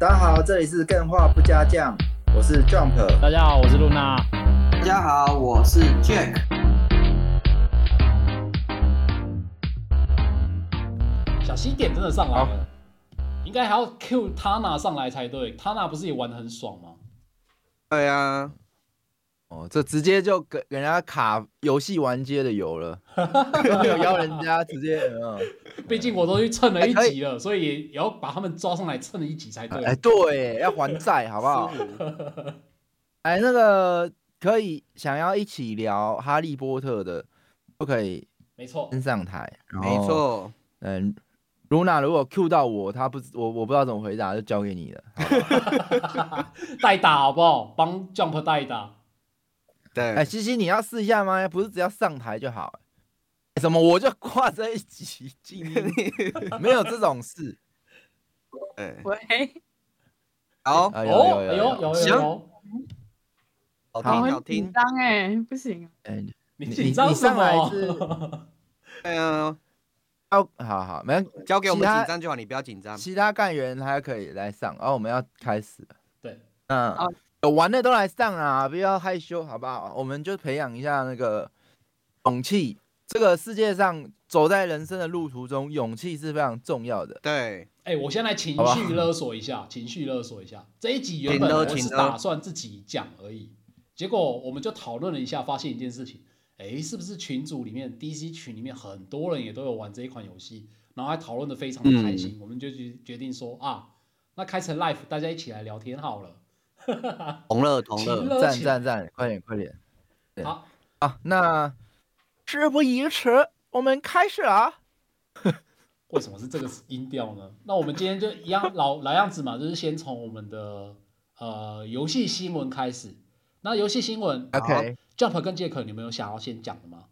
大家好，這裡是 GAME 話不加醬，我是 Jump。大家好，我是露娜。大家好，我是 Jack。小西點真的上來了，哦、應該還要 Q 塔娜上來才對，塔娜不是也玩得很爽嗎？對呀、啊。哦，這直接就給給人家卡遊戲玩結的油了，沒有邀人家直接，嗯， 畢竟我都去蹭了一集了，欸、所以也要把他們抓上來蹭了一集才對。哎、欸，對， 要還債好不好？哎、 欸，那個可以想要一起聊哈利波特的，不可以？沒錯，先上台。沒錯，嗯，Runa 如果 cue 到我，他不我我不知道怎麼回答，就交給你了， 代打好不好？幫 Jump 代打。對，哎，西西，你要試一下嗎？不是只要上台就好？什麼我就掛在一起，沒有這種事。喂，好，有有有有有有。好，好聽。緊張哎，不行啊！哎，你你你上來是？哎呀，哦，好好，沒關係，交給我們緊張就好，你不要緊張。其他幹員還可以來上，然後我們要開始。對，嗯。有玩的都來上啊，不要害羞，好不好？我們就培養一下那個勇氣。這個世界上，走在人生的路途中，勇氣是非常重要的。對，哎、欸，我先來情緒勒索一下，好好情緒勒索一下。這一集原本我是打算自己講而已，結果我們就討論了一下，發現一件事情，哎、欸，是不是群組裡面 DC 群裡面很多人也都有玩這一款遊戲，然後還討論的非常的開心。嗯、我們就決定說啊，那開成 Live，大家一起來聊天好了。 同樂同樂，讚讚讚，快點快點！好、啊啊、那事不宜遲，我們開始啊。 為什麼是這個是音調呢？那我們今天就一樣老老樣子嘛，就是先從我們的呃遊戲新聞開始。那遊戲新聞、啊，OK，Jump Okay. 跟 Jack，你們有想要先講的嗎？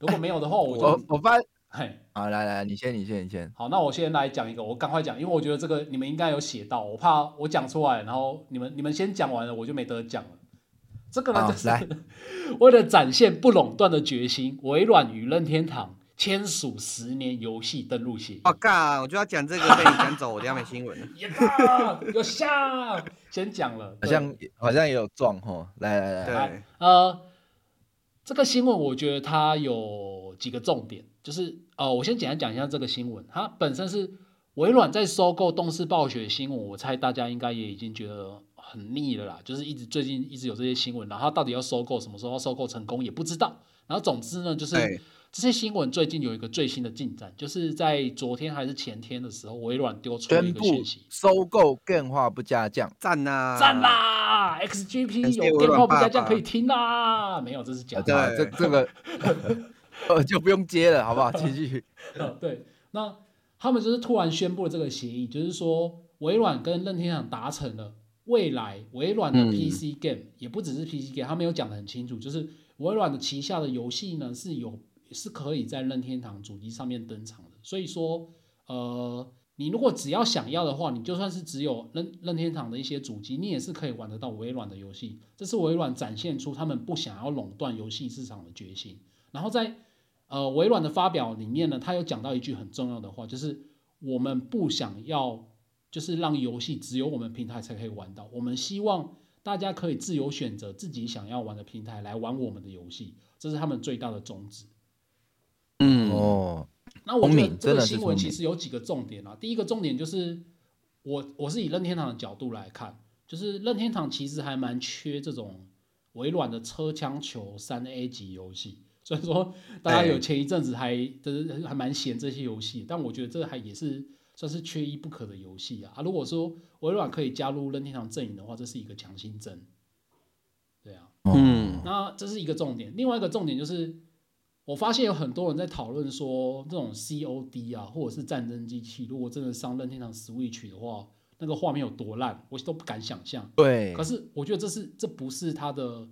如果沒有的話我，我我翻。嘿，好，來來你先，你先，你先。好，那我先來講一個，我趕快講，因為我覺得這個你們應該有寫到，我怕我講出來，然後你們你們先講完了，我就沒得講了。這個呢，好就是來為了展現不壟斷的決心，微軟與任天堂簽署十年遊戲登錄協議。我靠、哦，我就要講這個被你趕走，我等一下沒新聞了。 也罷，有下 先講了，好像好像也有撞齁，來來來，來，對對呃，這個新聞我覺得它有幾個重點。就是、呃、我先簡單講一下這個新聞。它本身是微軟在收購動視暴雪新聞，我猜大家應該也已經覺得很膩了啦。就是一直最近一直有這些新聞，然後它到底要收購什麼時候收購成功也不知道。然後總之呢，就是這些新聞最近有一個最新的進展，欸、就是在昨天還是前天的時候，微軟丟出一個消息，收購 GAME 話不加醬。讚吶、啊，讚啦、啊、！XGP 有 GAME 話不加醬可以聽啦、啊，沒有這是假的，這對 這個。 呃， 就不用接了，好不好？繼續。 對，那他們就是突然宣布了這個協議，就是說微軟跟任天堂達成了未來微軟的 PC game、嗯、也不只是 PC game，他們有講得很清楚，就是微軟的旗下的遊戲呢是有是可以在任天堂主機上面登場的。所以說，呃，你如果只要想要的話，你就算是只有任任天堂的一些主機，你也是可以玩得到微軟的遊戲。這是微軟展現出他們不想要壟斷遊戲市場的決心。然後在呃，微軟的發表裡面呢，他有講到一句很重要的話，就是我們不想要，就是讓遊戲只有我們平台才可以玩到，我們希望大家可以自由選擇自己想要玩的平台來玩我們的遊戲，這是他們最大的宗旨。嗯哦，那我們這個新聞其實有幾個重點啊，第一個重點就是我我是以任天堂的角度來看，就是任天堂其實還蠻缺這種微軟的車槍球三 A 級遊戲。所以說，大家有前一陣子還就是還蠻嫌這些遊戲，但我覺得這還也是算是缺一不可的遊戲啊、啊。如果說微軟可以加入任天堂陣營的話，這是一個強心針，對啊，嗯，那這是一個重點。另外一個重點就是，我發現有很多人在討論說，這種 COD 啊，或者是戰爭機器，如果真的上任天堂 Switch 的話，那個畫面有多爛，我都不敢想象。對，可是我覺得這是這不是它的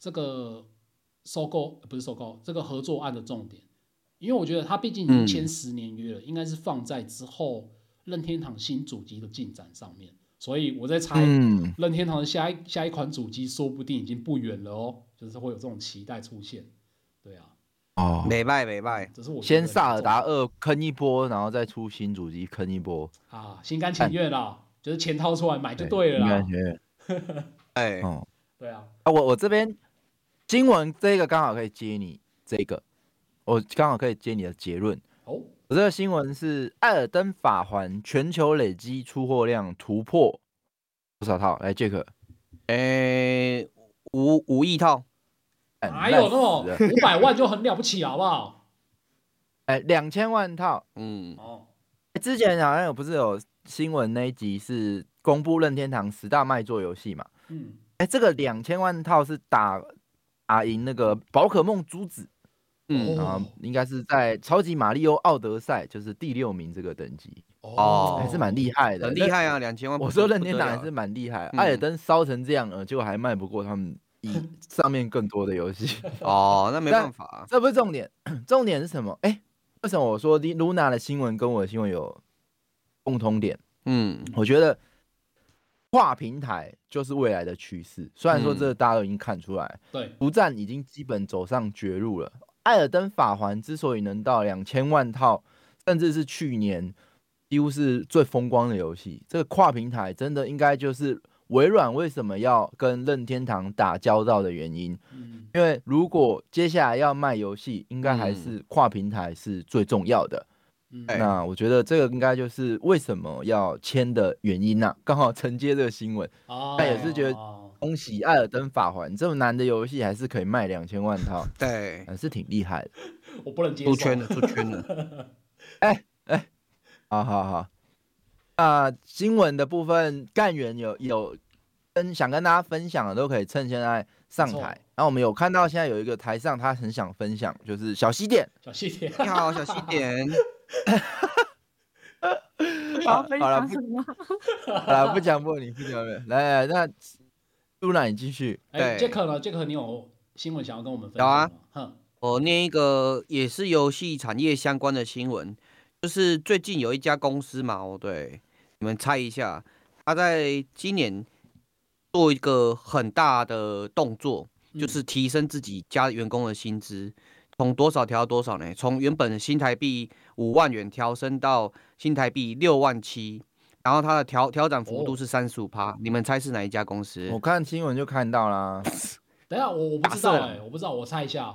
這個。收購、so、不是收、so、購這個合作案的重點，因為我覺得他畢竟已經簽十年約了，嗯、應該是放在之後任天堂新主機的進展上面。所以我在猜，任天堂的下一、嗯、下、一下一款主機說不定已經不遠了哦，就是會有這種期待出現。對啊，哦，沒賣沒賣，只是我先薩爾達二坑一波，然後再出新主機坑一波。啊，心甘情願了，但就是錢掏出來買就對了啦。哎， 欸、對啊，啊我我這邊。新聞這個剛好可以接你這個，我剛好可以接你的結論。我這個新聞是《艾爾登法環》全球累積出貨量突破多少套？來，哎，傑克，欸，五五億套？哪有那麼？五百萬就很了不起，好不好？哎，兩千萬套。嗯，哦，之前好像有不是有新聞那一集是公布任天堂十大賣座遊戲嘛？嗯，哎，這個兩千萬套是打。阿贏、啊、那個寶可夢珠子，嗯，啊，應該是在超級馬里奧奧德賽，就是第六名這個等級哦，還是蠻厲害的，很厲害啊，但兩千萬。我說任天堂還是蠻厲害，嗯、艾爾登燒成這樣了，就、呃、還賣不過他們以上面更多的遊戲哦，那沒辦法、啊，這不是重點，重點是什麼？哎，為什麼我說的 Runa 的新聞跟我的新聞有共通點？嗯，我覺得。跨平台就是未來的趨勢，雖然說這個大家都已經看出來、嗯，對，獨佔已經基本走上絕路了。艾爾登法環之所以能到兩千萬套，甚至是去年幾乎是最風光的遊戲，這個跨平台真的應該就是微軟為什麼要跟任天堂打交道的原因。嗯、因為如果接下來要賣遊戲，應該還是跨平台是最重要的。對那我覺得這個應該就是為什麼要簽的原因吶、啊，剛好承接這個新聞，啊、但也是覺得恭喜《艾爾登法環》對這麼難的遊戲還是可以賣兩千萬套，對，還、呃、是挺厲害的。我不能接受。出圈了，出圈了。哎哎 欸欸，好好好。啊，新聞的部分幹員有有跟想跟大家分享的都可以趁現在上台。錯然後我們有看到現在有一個台上他很想分享，就是小西點。小西點，你好，小西點。 好，哈、 啊，好了， 好了，不講不你，不講了。來來、啊，那露娜你繼續。哎，傑克、欸、呢？傑克，你有新聞想要跟我們分享嗎？有啊，哼，我念一個也是遊戲產業相關的新聞，就是最近有一家公司嘛，哦，對，你們猜一下，他在今年做一個很大的動作，嗯、就是提升自己家員工的薪資。從多少調到多少呢？從原本的新台幣五萬元調升到新台幣六萬七，然後它的調調漲幅度是三十五趴。哦、你們猜是哪一家公司？我看新聞就看到了。等下，我我不知道哎、欸，啊啊、我不知道，我猜一下。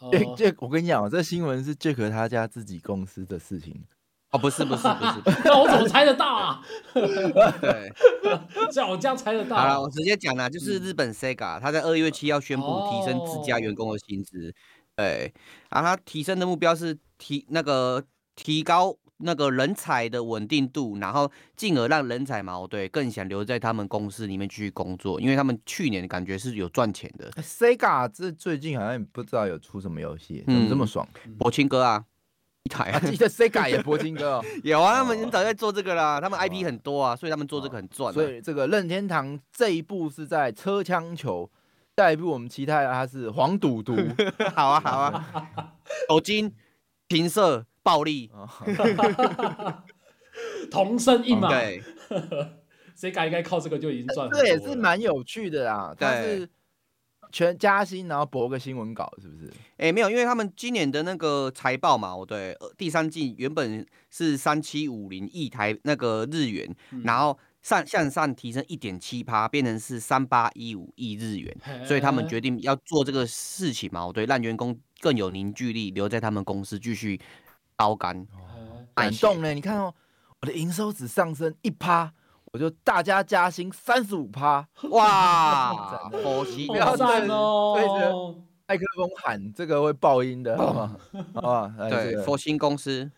呃、欸、Jack, 我跟你講，這新聞是 Jack 他家自己公司的事情。哦，不是，不是，不是。那 我怎麼猜得到啊？ 對，叫 我這樣猜得到。好了，我直接講了，就是日本 Sega，他、嗯、在二月七號要宣布提升自家員工的薪資。哦對，然後他提升的目標是提那個提高那個人才的穩定度，然後進而讓人才嘛，對，更想留在他們公司裡面去工作，因為他們去年的感覺是有賺錢的。Sega 這最近好像也不知道有出什麼遊戲，怎麼這麼爽？嗯、柏青哥啊，一台啊， 啊記得 Sega 也柏青哥、哦， 有啊，他們很早在做這個啦，他們 IP 很多啊，所以他們做這個很賺、啊。所以這個任天堂這一步是在車槍球。下一步我們期待的他是黃賭毒、 啊，好啊好啊，賭金、 情色、暴力， 同生一馬，對 Okay，誰改 一改，靠這個就已經賺。這也是蠻有趣的啊，對他是全加薪然後博個新聞稿，是不是？哎、欸，沒有，因為他們今年的那個財報嘛，我對第三季原本是三七五零億台那個日元，嗯、然後。上向上提升一點七趴，變成是三八一五億日元，所以他們決定要做這個事情嘛，我對，讓員工更有凝聚力，留在他們公司繼續刀幹。感動呢？你看哦，我的營收只上升一趴，我就大家加薪三十五趴，哇，佛心不要震哦，麥克風喊這個會爆音的啊，對，佛心公司。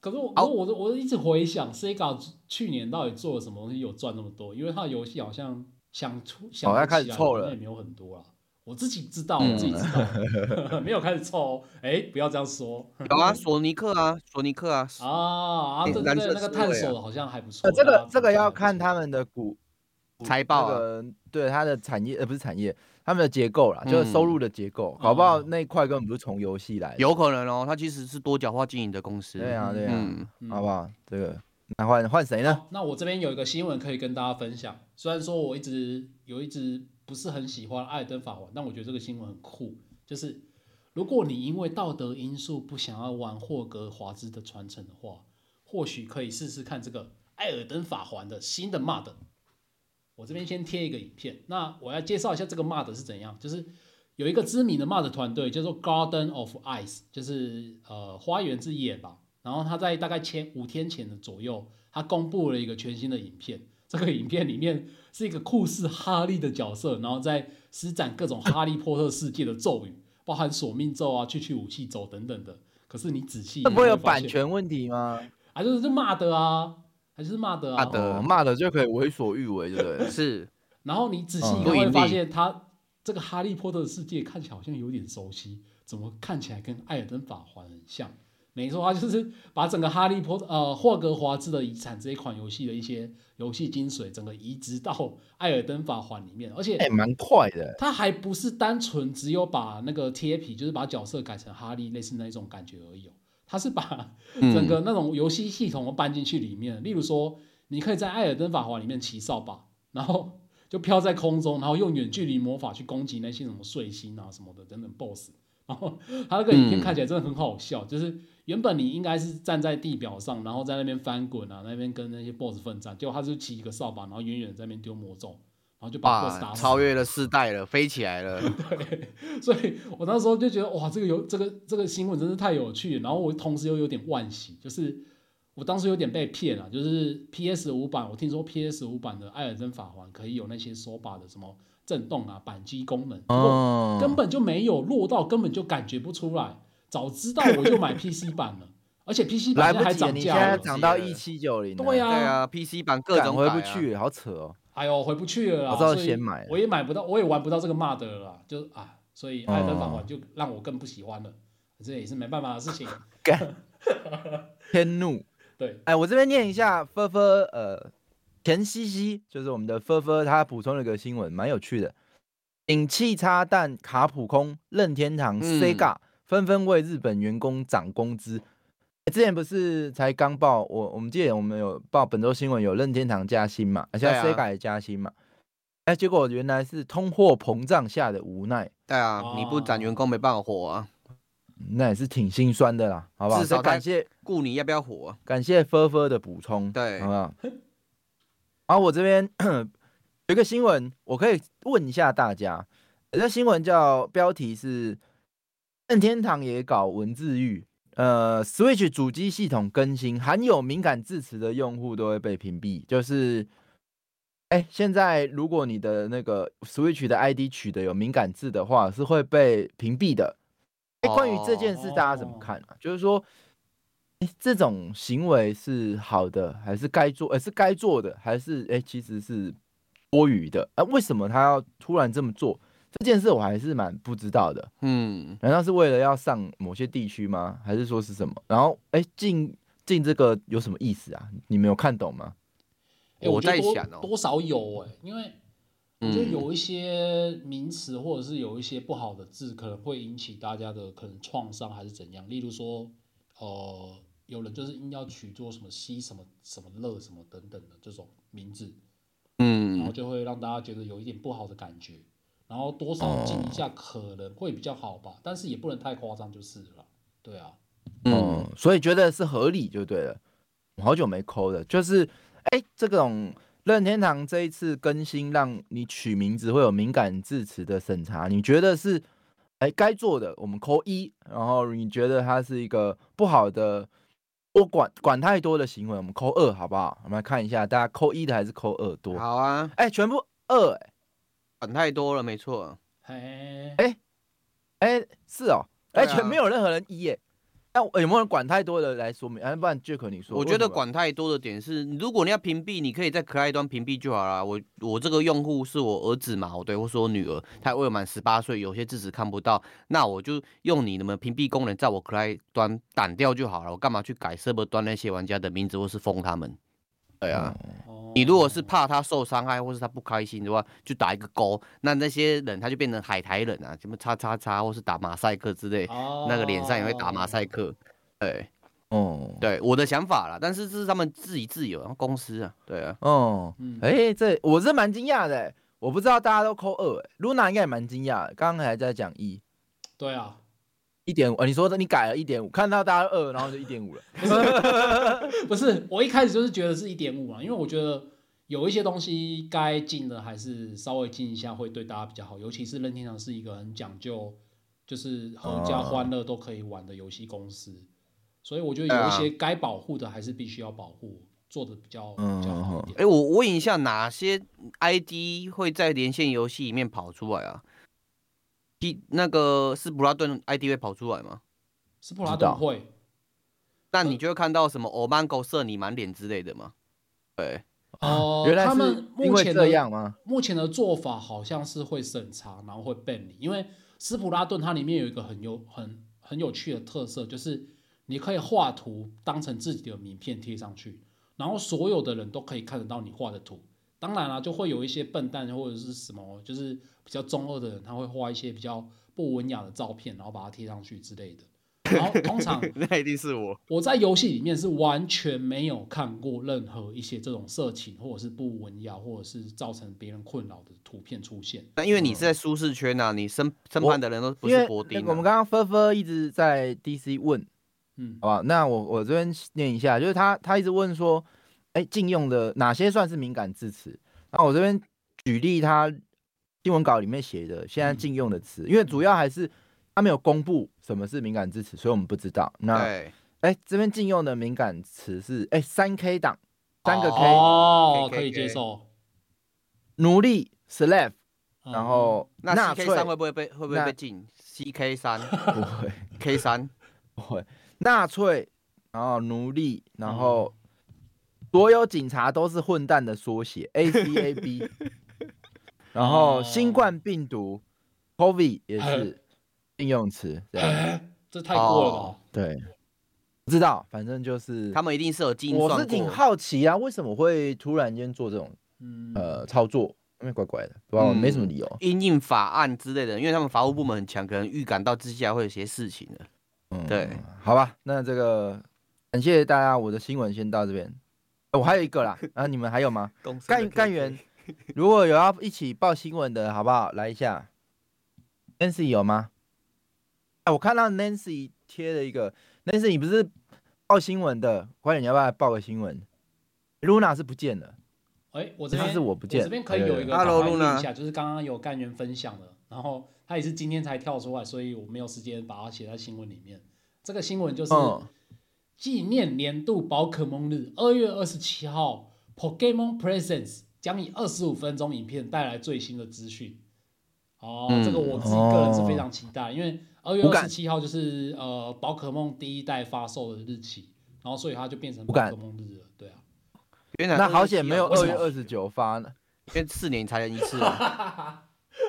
可是我，我，我都，我都一直回想，Sega 去年到底做了什麼東西有賺那麼多？因為他的遊戲好像想出，好像開始臭了，也沒有很多了。我自己知道，我自己知道，沒有開始臭。哎，不要這樣說。有啊，索尼克啊，索尼克啊，啊啊，這個那個探索好像還不錯。這個這個要看他們的股財報，對他的產業呃不是產業。他們的結構啦，就是收入的結構，嗯、好不好？哦、那一塊根本不是從遊戲來，有可能哦。它其實是多角化經營的公司。對啊，對啊、嗯嗯、好不好？這個那換換誰呢？那我這邊有一個新聞可以跟大家分享。雖然說我一直有一直不是很喜歡《艾爾登法環》，但我覺得這個新聞很酷。就是如果你因為道德因素不想要玩《霍格華茲的傳承》的話，或許可以試試看這個《艾爾登法環》的新的 MOD。我這邊先貼一個影片，那我要介紹一下這個 m 的 d 是怎樣，就是有一個知名的 m 的 d 團隊，叫做 Garden of i c e，就是呃花園之夜吧。然後他在大概前五天前的左右，他公布了一個全新的影片。這個影片裡面是一個酷似哈利的角色，然後在施展各種哈利波特世界的咒語，包含索命咒啊、去去武器咒等等的。可是你仔細，你會不會有版權問題嗎？啊，就是這 MUD 啊。還是罵的、啊啊、的，罵的，罵的就可以為所欲為，對不 對？是。然後你仔細一看，會發現他這個《哈利波特》的世界看起來好像有點熟悉，怎麼看起來跟《艾爾登法環》很像？沒錯啊，他就是把整個《哈利波特》呃霍格華茲的遺產這一款遊戲的一些遊戲精髓，整個移植到《艾爾登法環》裡面，而且還蠻快的。他還不是單純只有把那個貼皮，就是把角色改成哈利，類似那一種感覺而已、哦。他是把整個那種遊戲系統都搬進去裡面，嗯、例如說，你可以在《艾爾登法環》裡面騎掃把，然後就飄在空中，然後用遠距離魔法去攻擊那些什麼碎星啊什麼的等等 BOSS。然後他那個影片看起來真的很好笑，嗯、就是原本你應該是站在地表上，然後在那邊翻滾啊，那邊跟那些 BOSS 奮戰，結果他是騎一個掃把，然後遠遠在那邊丟魔咒。然後就把了超越了世代了，飛起來了。 對，所以我那時候就覺得哇，這個有這個這個新聞真是太有趣。然後我同時又有點萬喜，就是我當時有點被騙了。就是 PS 五版，我聽說 PS 五版的《艾爾登法環》可以有那些手，so，把的什麼震動啊，扳機功能，根本就沒有，落到根本就感覺不出來。早知道我就買 PC 版了， 而且 PC 版還漲價，你現在漲到一七九零。對呀了對啊，PC 版各種回不去，啊、好扯哦。哎呦，回不去了，我知道先買，我也買不到，我也玩不到這個 mod 了啦，就啊，所以《艾登法》玩就讓我更不喜歡了，這、嗯、也是沒辦法的事情。 天怒，對，哎，我這邊念一下，菲菲，呃，田西西，就是我們的菲菲，他補充了一個新聞，蠻有趣的。引氣、插、彈、卡普空、任天堂、Sega 紛紛為日本員工漲工資。嗯之前不是才剛報我，我們記得我們有報本周新聞有任天堂加薪嘛，而且要 e 改也加薪嘛，哎，結果原來是通貨膨脹下的無奈。對啊，你不攢員工沒辦法活啊，那也是挺心酸的啦，好不好？至少感謝顧你要不要火感謝菲 r 的補充，對，好不好？ 好，我這邊 有一個新聞，我可以問一下大家，這新聞叫標題是任天堂也搞文字獄。呃，Switch 主機系統更新含有敏感字詞的用戶都會被屏蔽。就是，哎，現在如果你的那個 Switch 的 ID 取的有敏感字的話，是會被屏蔽的。哎，關於這件事大家怎麼看呢、啊？Oh. 就是說，哎，這種行為是好的還是該做？哎、呃，是該做的還是哎其實是多餘的？啊，為什麼他要突然這麼做？這件事我還是蠻不知道的，嗯，難道是為了要上某些地區嗎？還是說是什麼？然後，哎，進進這個有什麼意思啊？你沒有看懂嗎？哎、欸，我，我在想，哦，多少有哎、欸，因為就有一些名詞或者是有一些不好的字，可能會引起大家的可能創傷還是怎樣。例如說，呃，有人就是硬要取做什麼“吸”什麼“什麼樂”什麼等等的這種名字，嗯，然後就會讓大家覺得有一點不好的感覺。然後多少進一下可能會比較好吧，uh, 但是也不能太誇張就是了，對啊，嗯，所以覺得是合理就對了。我好久沒扣的，就是，哎，這種任天堂這一次更新，讓你取名字會有敏感字詞的審查，你覺得是，哎，該做的我們扣一，然後你覺得它是一個不好的，我管管太多的行為，我們扣二，好不好？我們來看一下，大家扣一的還是扣二多？好啊，哎，全部二、欸。管太多了，沒錯。哎哎、欸欸、是哦、喔，而且、啊欸、沒有任何人一耶、欸。那有沒有人管太多的來說明？要、啊、不然就和你說，我覺得管太多的點是，如果你要屏蔽，你可以在 client 端屏蔽就好了。我我這個用戶是我兒子嘛，對，我是我女兒，她未滿十八歲，有些字詞看不到，那我就用你的屏蔽功能在我 client 端擋掉就好了。我幹嘛去改 server 端那些玩家的名字或是封他們？對啊。嗯你如果是怕他受傷害，或是他不開心的話，就打一個勾。那那些人他就變成海苔人啊，什麼叉叉叉，或是打馬賽克之類，那個臉上也會打馬賽克。Oh. 對，哦，oh. 對，我的想法啦。但是這是他們自己自由，公司啊，對啊，哦、oh. 嗯，哎、欸，這我是蠻驚訝的、欸，我不知道大家都扣二、欸，Runa 應該也蠻驚訝，剛剛還在講一，對啊。一點五，你說你改了一點五，看到大家二，然後就一點五了 不。不是，我一開始就是覺得是一點五嘛，因為我覺得有一些東西該禁的還是稍微禁一下會對大家比較好，尤其是任天堂是一個很講究就是合家歡樂都可以玩的遊戲公司，uh huh. 所以我覺得有一些該保護的還是必須要保護，uh huh. 做的比較比較好一點。哎、uh huh. 欸，我問一下，哪些 ID 會在連線遊戲裡面跑出來啊？第那個斯普拉頓 ID 會跑出來嗎？斯普拉頓會，但你就會看到什麼歐曼狗射你滿臉之類的嗎？對，哦、呃，原來是因為這樣嗎？他們目前的，目前的做法好像是會審查，然後會 ban 你，因為斯普拉頓它裡面有一個很有很很有趣的特色，就是你可以畫圖當成自己的名片貼上去，然後所有的人都可以看得到你畫的圖。當然了、啊，就會有一些笨蛋或者是什麼，就是比較中二的人，他會畫一些比較不文雅的照片，然後把它貼上去之類的。然後，通常 那一定是我。我在遊戲裡面是完全沒有看過任何一些這種色情或者是不文雅，或者是造成別人困擾的圖片出現。但因為你是在舒適圈吶、啊，嗯、你身身畔的人都不是伯丁、啊。我，我們剛剛菲菲一直在 DC 問，嗯，好吧，那我我這邊念一下，就是他他一直問說。哎，禁用的哪些算是敏感字詞？那我這邊舉例，他新聞稿裡面寫的現在禁用的詞，因為主要還是他沒有公布什麼是敏感字詞，所以我們不知道。那，哎，這邊禁用的敏感詞是，哎，三 K 黨，三個 K，哦，可以接受。奴隸，slave，然後，那那，CK 三會不會被會不會被禁？CK 三不會，K 三不會，納粹，然後奴隸，然後。所有警察都是混蛋的縮寫，ACAB。A, C, A, 然後新冠病毒 ，Covid 也是應用詞。 這太過了吧？Oh, 對，不知道，反正就是他們一定是有計算過。我是挺好奇啊，為什麼會突然間做這種、嗯、呃操作？因為怪怪的，對吧？沒什麼理由。嗯、因應法案之類的，因為他們法務部門很強，可能預感到之下會有些事情的。嗯，對嗯，好吧，那這個感謝大家，我的新聞先到這邊。我、哦、還有一個啦，然、啊、後你們還有嗎？幹幹員，如果有要一起報新聞的，好不好？來一下，Nancy 有嗎？哎、啊，我看到 Nancy 貼了一個，Nancy 你不是報新聞的，我理你要不要報個新聞？Luna 是不見了，哎、欸，我這邊是我不見，我這邊可以有一個討論一下， 就是剛剛有幹員分享的，然後他也是今天才跳出來，所以我沒有時間把它寫在新聞裡面。這個新聞就是。嗯紀念年度寶可夢日，二月二十七號 Pokémon Presents 將以二十五分鐘影片帶來最新的資訊。哦、oh, 嗯，這個我自己個人是非常期待，哦、因為二月二十七號就是敢呃寶可夢第一代發售的日期，然後所以它就變成寶可夢日了。敢對啊，原來、啊、那好險沒有二月二十九發，為 因為四年才一次、啊。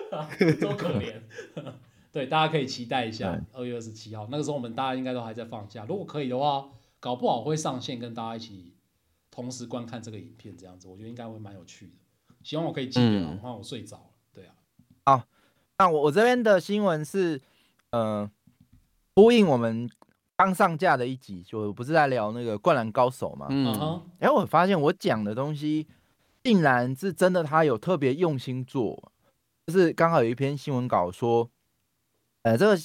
多可憐憐。 對，大家可以期待一下二對月二十七號，那個時候我們大家應該都還在放假，如果可以的話。搞不好會上線，跟大家一起同時觀看這個影片，這樣子我覺得應該會蠻有趣的。希望我可以記得、啊，不、嗯、然後我睡着了。對啊，好、啊，那我我這邊的新聞是，呃，呼應我們剛上架的一集，就不是在聊那個灌籃高手嘛。嗯哼，誒、嗯、我發現我講的東西竟然是真的，他有特別用心做，就是剛好有一篇新聞稿說，呃，這個。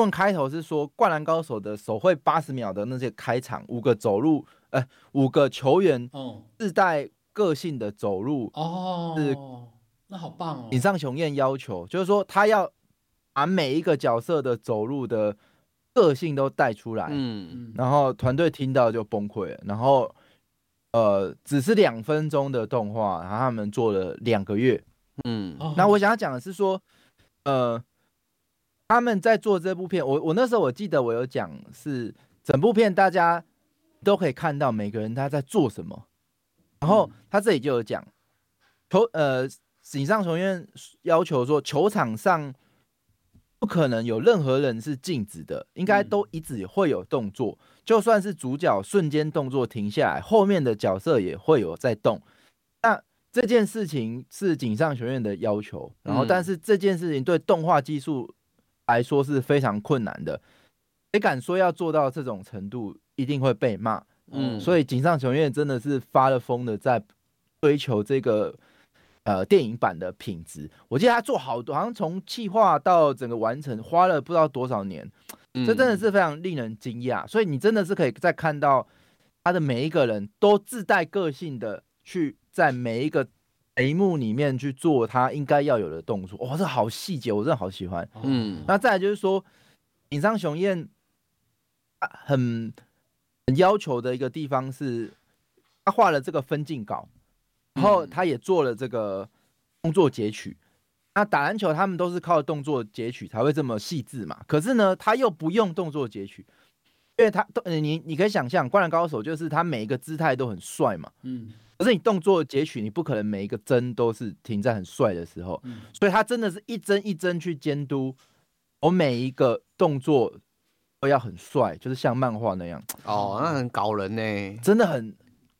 問開頭是說《灌籃高手》的手繪八十秒的那些開場五個走路，呃、欸，五個球員自帶、哦、個性的走路哦，是那好棒哦。尹上雄燕要求就是說他要把每一個角色的走路的個性都帶出來，嗯，然後團隊聽到就崩潰了。然後呃，只是兩分鐘的動畫，然後他們做了兩個月，嗯，那我想要講的是說，呃。他們在做這部片，我我那時候我記得我有講，是整部片大家都可以看到每個人他在做什麼，然後他這裡就有講球呃，井上雄彥要求說球場上不可能有任何人是靜止的，應該都一直會有動作，嗯、就算是主角瞬間動作停下來，後面的角色也會有在動。那這件事情是井上雄彥的要求，然後但是這件事情對動畫技術。來說是非常困難的，誰敢說要做到這種程度一定會被罵？嗯，所以井上雄彦真的是發了瘋的在追求這個呃電影版的品質。我記得他做好多，好像從計劃到整個完成花了不知道多少年，這、嗯、真的是非常令人驚訝。所以你真的是可以再看到他的每一個人都自帶個性的去在每一個。眉目裡面去做他應該要有的動作，哇、哦，這好細節，我真的好喜歡。嗯，那再來就是說，井上雄彥很很要求的一個地方是，他畫了這個分鏡稿，然後他也做了這個動作截取。嗯、那打籃球他們都是靠動作截取才會這麼細緻嘛。可是呢，他又不用動作截取，因為他，呃、你你可以想象《灌籃高手》就是他每一個姿態都很帥嘛。嗯。可是你動作截取，你不可能每一個幀都是停在很帥的時候，嗯、所以他真的是一幀一幀去監督，我每一個動作都要很帥，就是像漫畫那樣。哦，那很搞人呢、欸，真的很，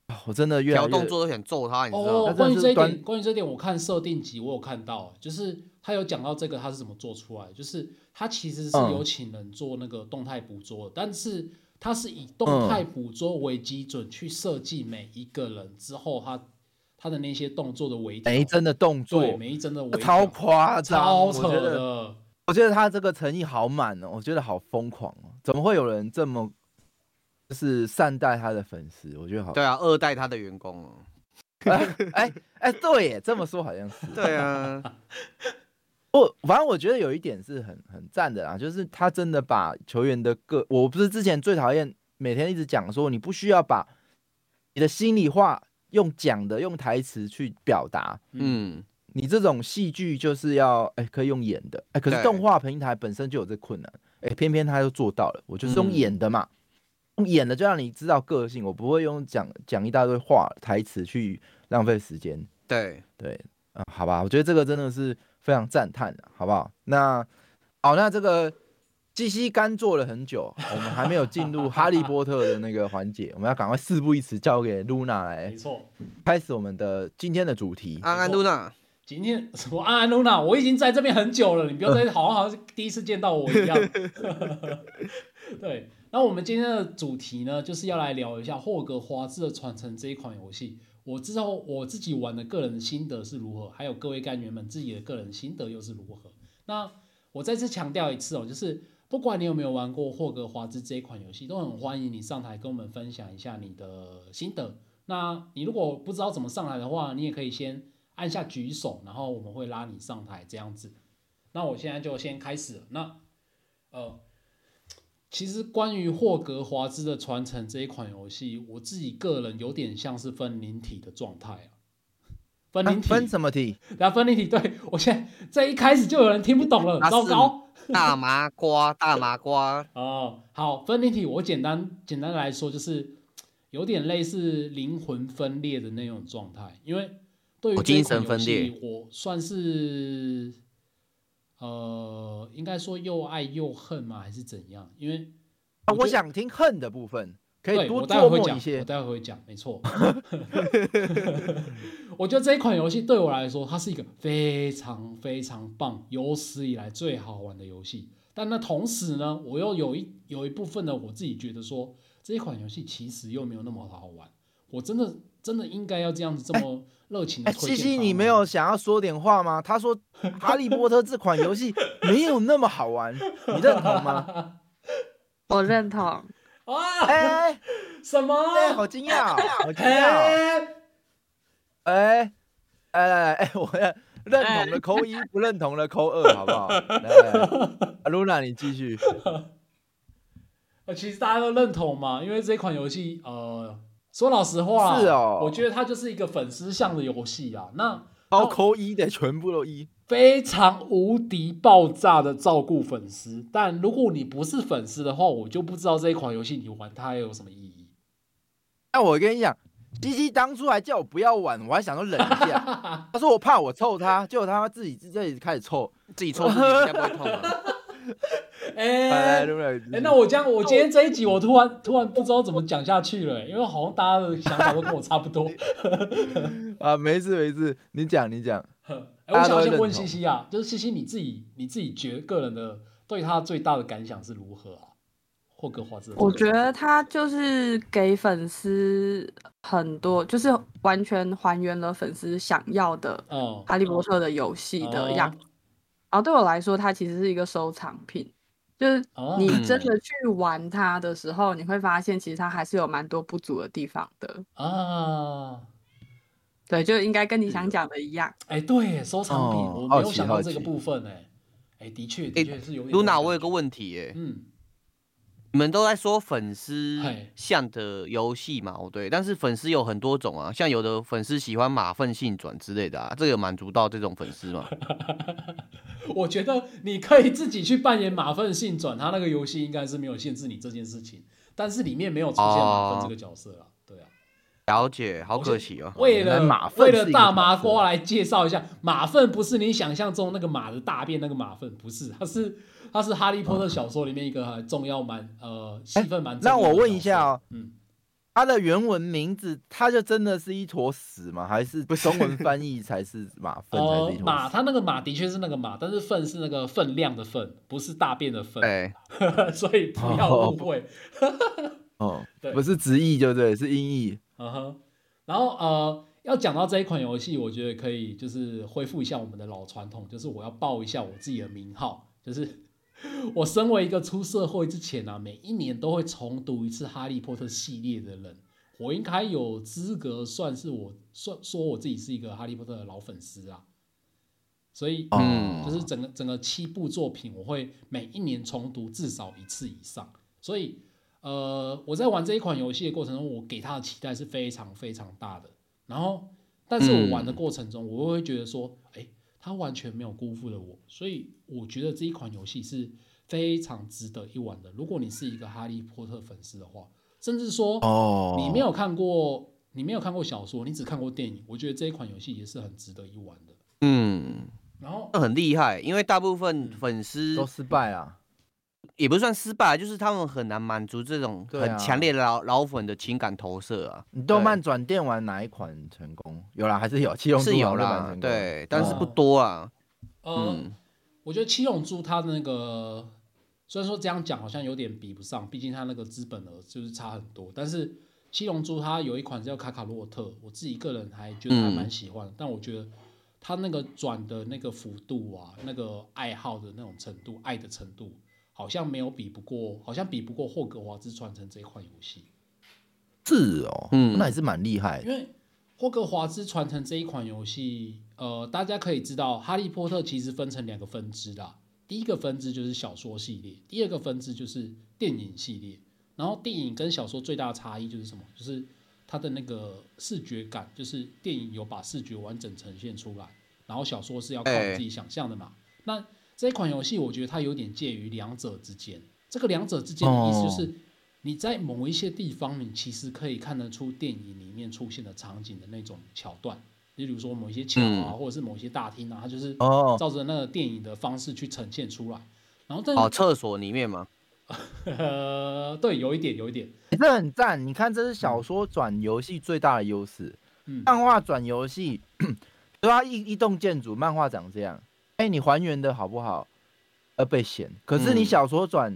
我、哦、真的越來越，條動作都想揍他，你知道嗎、哦？關於這一點，關於這一點，我看設定集我有看到，就是他有講到這個他是怎麼做出來，就是他其實是有請人做那個動態捕捉，嗯、但是。他是以動態捕捉為基準、嗯、去設計每一個人之後他，他他的那些動作的維度，每一幀的動作，每一幀的超誇張，超扯的，超扯的我。我覺得他這個誠意好滿哦，我覺得好瘋狂哦，怎麼會有人這麼、就是善待他的粉絲？我覺得好對啊，二代他的員工哦，哎哎哎，對耶，這麼說好像是 對啊。 不，反正我覺得有一點是很很讚的啦，就是他真的把球員的個，我不是之前最討厭每天一直講說，你不需要把你的心裡話用講的，用台詞去表達。嗯，你這種戲劇就是要哎、欸、可以用演的，哎、欸，可是動畫平台本身就有這困難，哎對、欸，偏偏他就做到了。我就是用演的嘛，嗯，用演的就讓你知道個性，我不會用講講一大堆話台詞去浪費時間。對對，嗯，好吧，我覺得這個真的是。非常讚嘆的，好不好？那好，哦，那這個基西乾坐了很久， 我們還沒有進入哈利波特的那個環節， 我們要趕快事不宜遲，交給露娜來。沒錯，開始我們的今天的主題。安安露娜，今天我安安露娜，啊，Luna, 我已經在這邊很久了，你不要再好像好像是第一次見到我一樣。 對，那我們今天的主題呢，就是要來聊一下《霍格華茲的傳承》這一款遊戲。我知道我自己玩的個人的心得是如何，還有各位幹員們自己的個人心得又是如何？那我再次強調一次哦、喔，就是不管你有沒有玩過《霍格華茲》這一款遊戲，都很歡迎你上台跟我們分享一下你的心得。那你如果不知道怎麼上台的話，你也可以先按下舉手，然後我們會拉你上台這樣子。那我現在就先開始了。那，呃。其實關於霍格華茲的傳承這一款遊戲，我自己個人有點像是分靈體的狀態，啊，分靈體，啊，分什麼體？然後分靈體，對，我現在在一開始就有人聽不懂了，糟糕！大麻瓜，大麻瓜。哦，好，分靈體，我簡單簡單來說，就是有點類似靈魂分裂的那種狀態，因為對於這款遊戲，我精神分裂，我算是。呃，應該說又愛又恨嗎，還是怎樣？因為我想聽恨的部分，可以多琢磨一些。我待會會講，沒錯。 我覺得這一款遊戲對我來說，它是一個非常非常棒、有史以來最好玩的遊戲。但那同時呢，我又有一有一部分的我自己覺得說，這一款遊戲其實又沒有那麼好,好玩。我真的。真的應該要這樣子這麼熱情的、欸欸？西西，你沒有想要說點話嗎？他說《哈利波特》這款遊戲沒有那麼好玩， 你認同嗎？我認同啊！哎、欸，什麼？哎、欸，好驚訝，好驚訝！哎、欸，哎、欸，哎、欸，哎、欸，我認同的扣一，不認同的扣二，好不好？哎，Runa，你繼續。其實大家都認同嘛，因為這款遊戲，呃。說老實話，是哦，我覺得它就是一個粉絲向的遊戲啊。那包扣一的，全部都一，非常無敵爆炸的照顧粉絲。但如果你不是粉絲的話，我就不知道這一款遊戲你玩它還有什麼意義。那、啊、我跟你講，西西當初還叫我不要玩，我還想說忍一下， 他說我怕我抽他，結果他自己自己開始抽，自己抽，應該 不會抽 欸、哎，那我這樣，我今天這一集，我突然 突然不知道怎麼講下去了，欸，因為好像大家的想法都跟我差不多。 啊，沒事沒事，你講你講。 欸、我想我先問西西啊，就是西西你自己你自己覺得個人的對他最大的感想是如何啊？霍格華茲，我覺得他就是給粉絲很多，就是完全還原了粉絲想要的哈利波特的遊戲的樣子。嗯嗯嗯然後、哦、對我來說，它其實是一個收藏品，就是你真的去玩它的時候，嗯、你會發現其實它還是有蠻多不足的地方的啊。對，就應該跟你想講的一樣。哎、嗯欸，對，收藏品、哦、我沒有想到這個部分哎、欸，的確，的確是有。露娜，我有個問題，欸、Luna, 我有個問題嗯。你們都在說粉絲向的遊戲嘛？哦嘿，對，但是粉絲有很多種啊，像有的粉絲喜歡馬份性轉之類的啊，這個滿足到這種粉絲嗎？ 我覺得你可以自己去扮演，馬份性轉，他那個遊戲應該是沒有限制你這件事情，但是裡面沒有出現馬份這個角色啊。哦了解，好可惜哦。哦為了馬、啊、為了大麻瓜來介紹一下，馬份不是你想象中那個馬的大便，那個馬份不是，它是它是哈利波特小說裡面一個還重要蠻、嗯、呃戲份蠻。那、欸、我問一下哦，嗯，它的原文名字，它就真的是一坨屎嗎？還是不中文翻譯才是馬份？哦、 呃，馬，它那個馬的確是那個馬，但是份是那個分量的份，不是大便的糞，欸、 所以不要誤會。哦，不是直譯，就對，是音譯。嗯哼，uh huh. 然後呃，要講到這一款遊戲，我覺得可以就是恢復一下我們的老傳統，就是我要報一下我自己的名號，就是我身為一個出社會之前啊，每一年都會重讀一次《哈利波特》系列的人，我應該有資格算是我算說我自己是一個《哈利波特》的老粉絲啊，所以嗯，就是整個整個七部作品，我會每一年重讀至少一次以上，所以。呃，我在玩這一款遊戲的過程中，我給他的期待是非常非常大的。然後，但是我玩的過程中，嗯、我會覺得說，哎、欸，他完全沒有辜負了我。所以，我覺得這一款遊戲是非常值得一玩的。如果你是一個哈利波特粉絲的話，甚至說，哦，你沒有看過，你沒有看過小說，你只看過電影，我覺得這一款遊戲也是很值得一玩的。嗯，然後很厲害，因為大部分粉絲都失敗了。也不算失敗，就是他們很難滿足這種很強烈的老老、啊、粉的情感投射啊。你動漫轉電玩哪一款成功？對有啦，還是有七龍珠有啦，對，但是不多啊。Oh. 嗯、呃，我覺得七龍珠它的那個，雖然說這樣講好像有點比不上，畢竟它那個資本額就是差很多。但是七龍珠它有一款叫卡卡洛特，我自己個人還覺得還蠻喜歡。嗯、但我覺得它那個轉的那個幅度啊，那個愛好的那種程度，愛的程度。好像沒有比不過，好像比不過《霍格華茲傳承》這一款遊戲。是哦，嗯，那還是蠻厲害。因為《霍格華茲傳承》這一款遊戲，呃，大家可以知道，《哈利波特》其實分成兩個分支的。第一個分支就是小說系列，第二個分支就是電影系列。然後電影跟小說最大的差異就是什麼？就是它的那個視覺感，就是電影有把視覺完整呈現出來，然後小說是要靠自己想象的嘛？那這一款遊戲我覺得它有點介於兩者之間。這個兩者之間的意思就是，你在某一些地方，你其實可以看得出電影裡面出現的場景的那種橋段。你例如說某一些橋啊，嗯、或者是某一些大廳啊，它就是哦，照着那個電影的方式去呈現出來。然後在哦，廁所裡面嗎？呃， 對，有一點，有一點。這很讚，你看，這是小說轉遊戲最大的優勢。嗯，漫畫轉遊戲，對啊， 一一棟建築，漫畫長這樣。哎、欸，你還原的好不好？呃，被嫌。可是你小說轉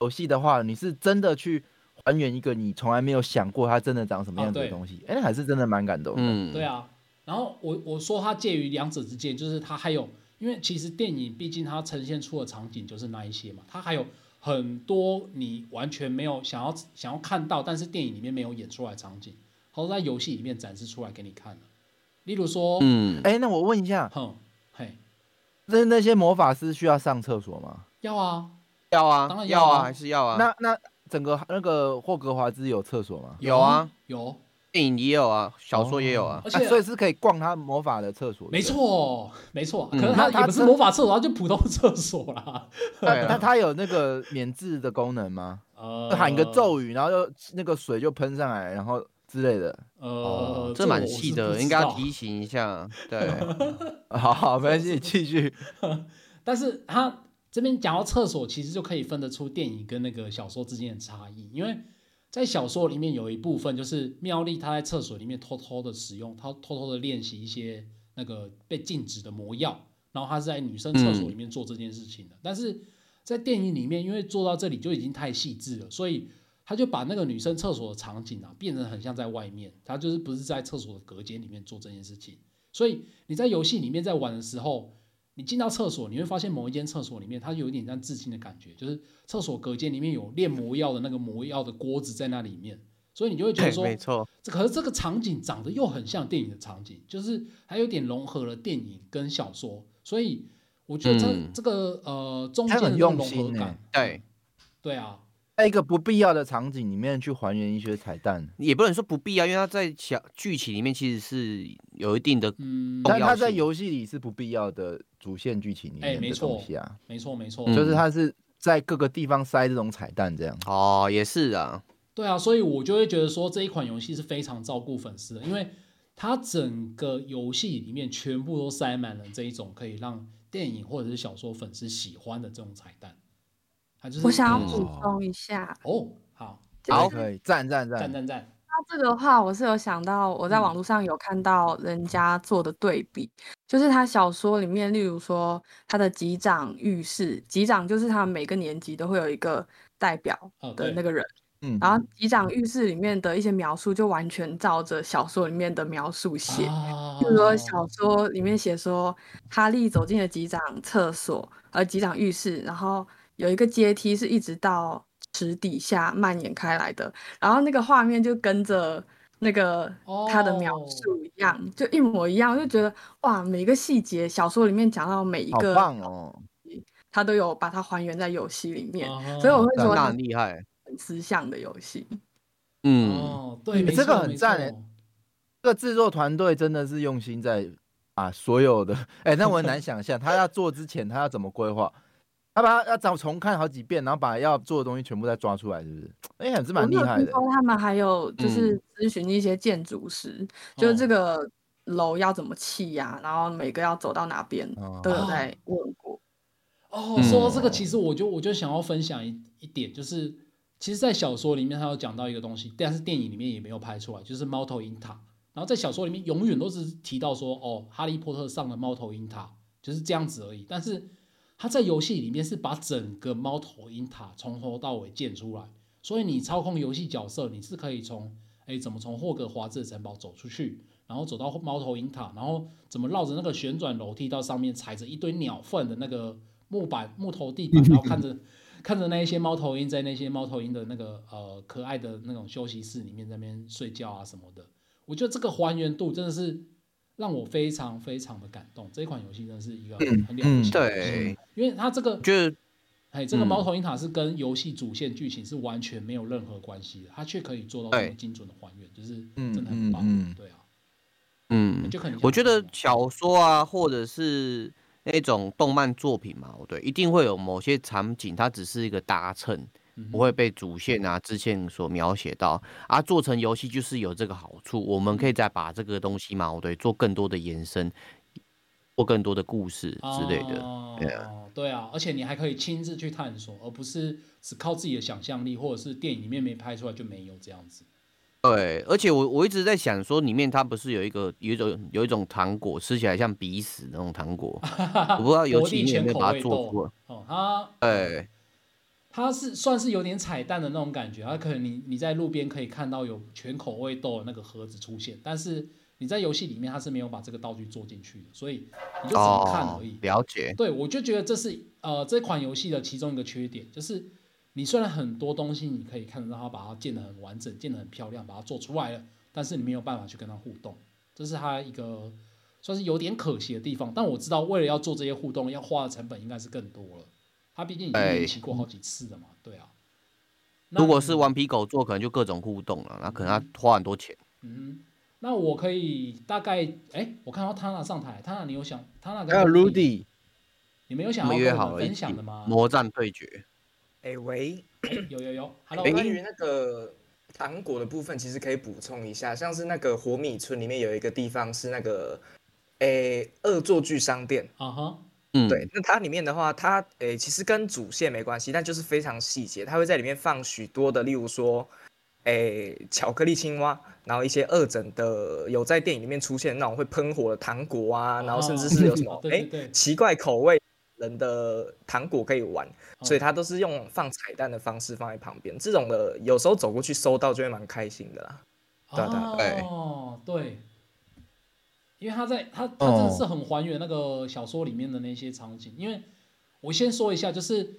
遊戲的話，嗯、你是真的去還原一個你從來沒有想過它真的長什麼樣子的東西。哎、啊欸，還是真的蠻感動的。嗯，對啊。然後我我說它介於兩者之間，就是它還有，因為其實電影畢竟它呈現出的場景就是那一些嘛，它還有很多你完全沒有想要想要看到，但是電影裡面沒有演出來的場景，都在遊戲裡面展示出來給你看了。例如說，嗯，哎、欸，那我問一下，哼。那那些魔法師需要上廁所嗎？要啊，要啊，當然要啊，還是要啊。那那整個那個霍格華茲有廁所嗎？有啊，有。電影也有啊，小說也有啊，而且，啊、所以是可以逛他魔法的廁所是不是？沒錯，沒錯。可是他，嗯、他不是魔法廁所，他就普通廁所啦。那那他有那個免治的功能嗎？呃、喊個咒語，然後就那個水就噴上來，然後。之類的，呃，這蠻細的，應該要提醒一下。對， 好好，沒關係，繼 續。 但是，他這邊講到廁所，其實就可以分得出電影跟那個小說之間的差異，因為在小說裡面有一部分就是妙麗她在廁所裡面偷偷的使用，她偷偷的練習一些那個被禁止的魔藥，然後她是在女生廁所裡面做這件事情的。嗯，但是在電影裡面，因為做到這裡就已經太細緻了，所以。他就把那個女生廁所的場景啊，變成很像在外面，他就是不是在廁所的隔間裡面做這件事情。所以你在遊戲裡面在玩的時候，你進到廁所，你會發現某一間廁所裡面，它有一點像致敬的感覺，就是廁所隔間裡面有煉魔藥的那個魔藥的鍋子在那裡面，所以你就會覺得說，這可是這個場景長得又很像電影的場景，就是還有點融合了電影跟小說，所以我覺得這、嗯、這個呃中間的融合感，欸、對對啊。在一個不必要的場景裡面去還原一些彩蛋，也不能說不必要，因為他在小劇情裡面其實是有一定的嗯，但他在遊戲裡是不必要的主線劇情裡面的東西、啊，欸、沒錯沒錯，就是他是在各個地方塞這種彩蛋，這樣、嗯、哦，也是啊，對啊，所以我就會覺得說這一款遊戲是非常照顧粉絲的，因為他整個遊戲裡面全部都塞滿了這一種可以讓電影或者是小說粉絲喜歡的這種彩蛋。就是、我想要補充一下哦，嗯就是、好好，可以贊贊贊贊贊。那這個話我是有想到，我在網絡上有看到人家做的對比，嗯、就是他小說裡面，例如說他的級長浴室，級長就是他每個年級都會有一個代表的那個人，嗯，Okay, 然後級長浴室裡面的一些描述就完全照着小說裡面的描述寫，比、哦、如說小說裡面寫說哈利走進了級長廁所，呃、啊，級長浴室，然後。有一個階梯是一直到池底下蔓延開來的，然後那個畫面就跟着那個他的描述一樣，oh. 就一模一樣，就覺得哇，每個細節小說裡面講到每一個，好棒哦，他都有把它還原在遊戲裡面，oh. 所以我會說很,那很厲害，很實像的遊戲。嗯，oh. 對，欸、錯這個很讚、欸，錯這個制作團隊真的是用心在把、啊、所有的，哎、欸，那我很難想象 他要做之前他要怎麼規劃。他把他要找重看好幾遍，然後把要做的東西全部再抓出來，是不是？哎、欸，也是蠻厲害的。我他們還有就是諮詢一些建築師，嗯、就是這個樓要怎麼砌呀、啊，然後每個要走到哪邊、哦、都有在問過、哦。哦，說到這個，其實我就我就想要分享一一點，嗯、就是其實，在小說裡面他有講到一個東西，但是電影裡面也沒有拍出來，就是貓頭鷹塔。然後在小說裡面永遠都是提到說，哦，哈利波特上了貓頭鷹塔就是這樣子而已，但是。它在遊戲裡面是把整個貓頭鷹塔從頭到尾建出來，所以你操控遊戲角色，你是可以從哎、欸、怎麼從霍格華茲城堡走出去，然後走到貓頭鷹塔，然後怎麼繞着那個旋轉樓梯到上面，踩着一堆鳥糞的那個木板木頭地板，然後看着看着那些貓頭鷹在那些貓頭鷹的那個呃可愛的那種休息室裡面在那邊睡覺啊什麼的，我覺得這個還原度真的是。讓我非常非常的感動，這一款遊戲真的是一個很了不起的遊戲，嗯、因為它這個就是，哎，這個貓頭鷹塔是跟遊戲主線劇情是完全沒有任何關係的，嗯、它卻可以做到很精準的還原，對就是真的很棒的，嗯、對啊，嗯，就可能我覺得小說啊，或者是那種動漫作品嘛，對，一定會有某些場景，它只是一個搭襯不會被主線啊、支線所描寫到啊，做成遊戲就是有這個好處，我們可以再把這個東西嘛，我對做更多的延伸，或更多的故事之類的。哦，嗯、哦，對啊，而且你還可以親自去探索，而不是只靠自己的想象力，或者是電影裡面沒拍出來就沒有這樣子。對，而且我我一直在想說，裡面它不是有一個有一種有一種糖果，吃起來像鼻屎那種糖果， 我不知道遊戲裡有把它做過。哦， 對。它是算是有點彩蛋的那種感覺，它可能你你在路邊可以看到有全口味豆的那個盒子出現，但是你在遊戲裡面它是沒有把這個道具做進去的，所以你就只能看而已。哦，了解。對，我就覺得這是呃這款遊戲的其中一個缺點，就是你雖然很多東西你可以看得到，它把它建的很完整，建的很漂亮，把它做出來了，但是你沒有辦法去跟它互動，這是它一個算是有點可惜的地方。但我知道為了要做這些互動，要花的成本應該是更多了。他畢竟已經練過好幾次了嘛，對，對啊。如果是頑皮狗做，可能就各種互動了，那、嗯、可能要花很多錢。嗯，那我可以大概，哎，我看到他那上台他那 n 你有想他那 n a 跟 Rudy，你們有想要分享的嗎？好魔戰對決。哎、欸、喂、欸，有有有，Hello。關於、 欸、那個糖果的部分，其實可以補充一下，像是那個火米村裡面有一個地方是那個，哎、欸，惡作劇商店。啊哈、uh。Huh. 嗯，對，那它裡面的話，它誒、欸、其實跟主線沒關係，但就是非常細節，它會在裡面放許多的，例如說，誒、欸、巧克力青蛙，然後一些惡整的有在電影裡面出現的那種會噴火的糖果啊，然後甚至是有什麼誒奇怪口味人的糖果可以玩，所以它都是用放彩蛋的方式放在旁邊，這種的有時候走過去收到就會蠻開心的啦，對對對，哦，對。對。因為他在他他真的是很還原那個小說裡面的那些場景。Oh. 因為我先說一下，就是《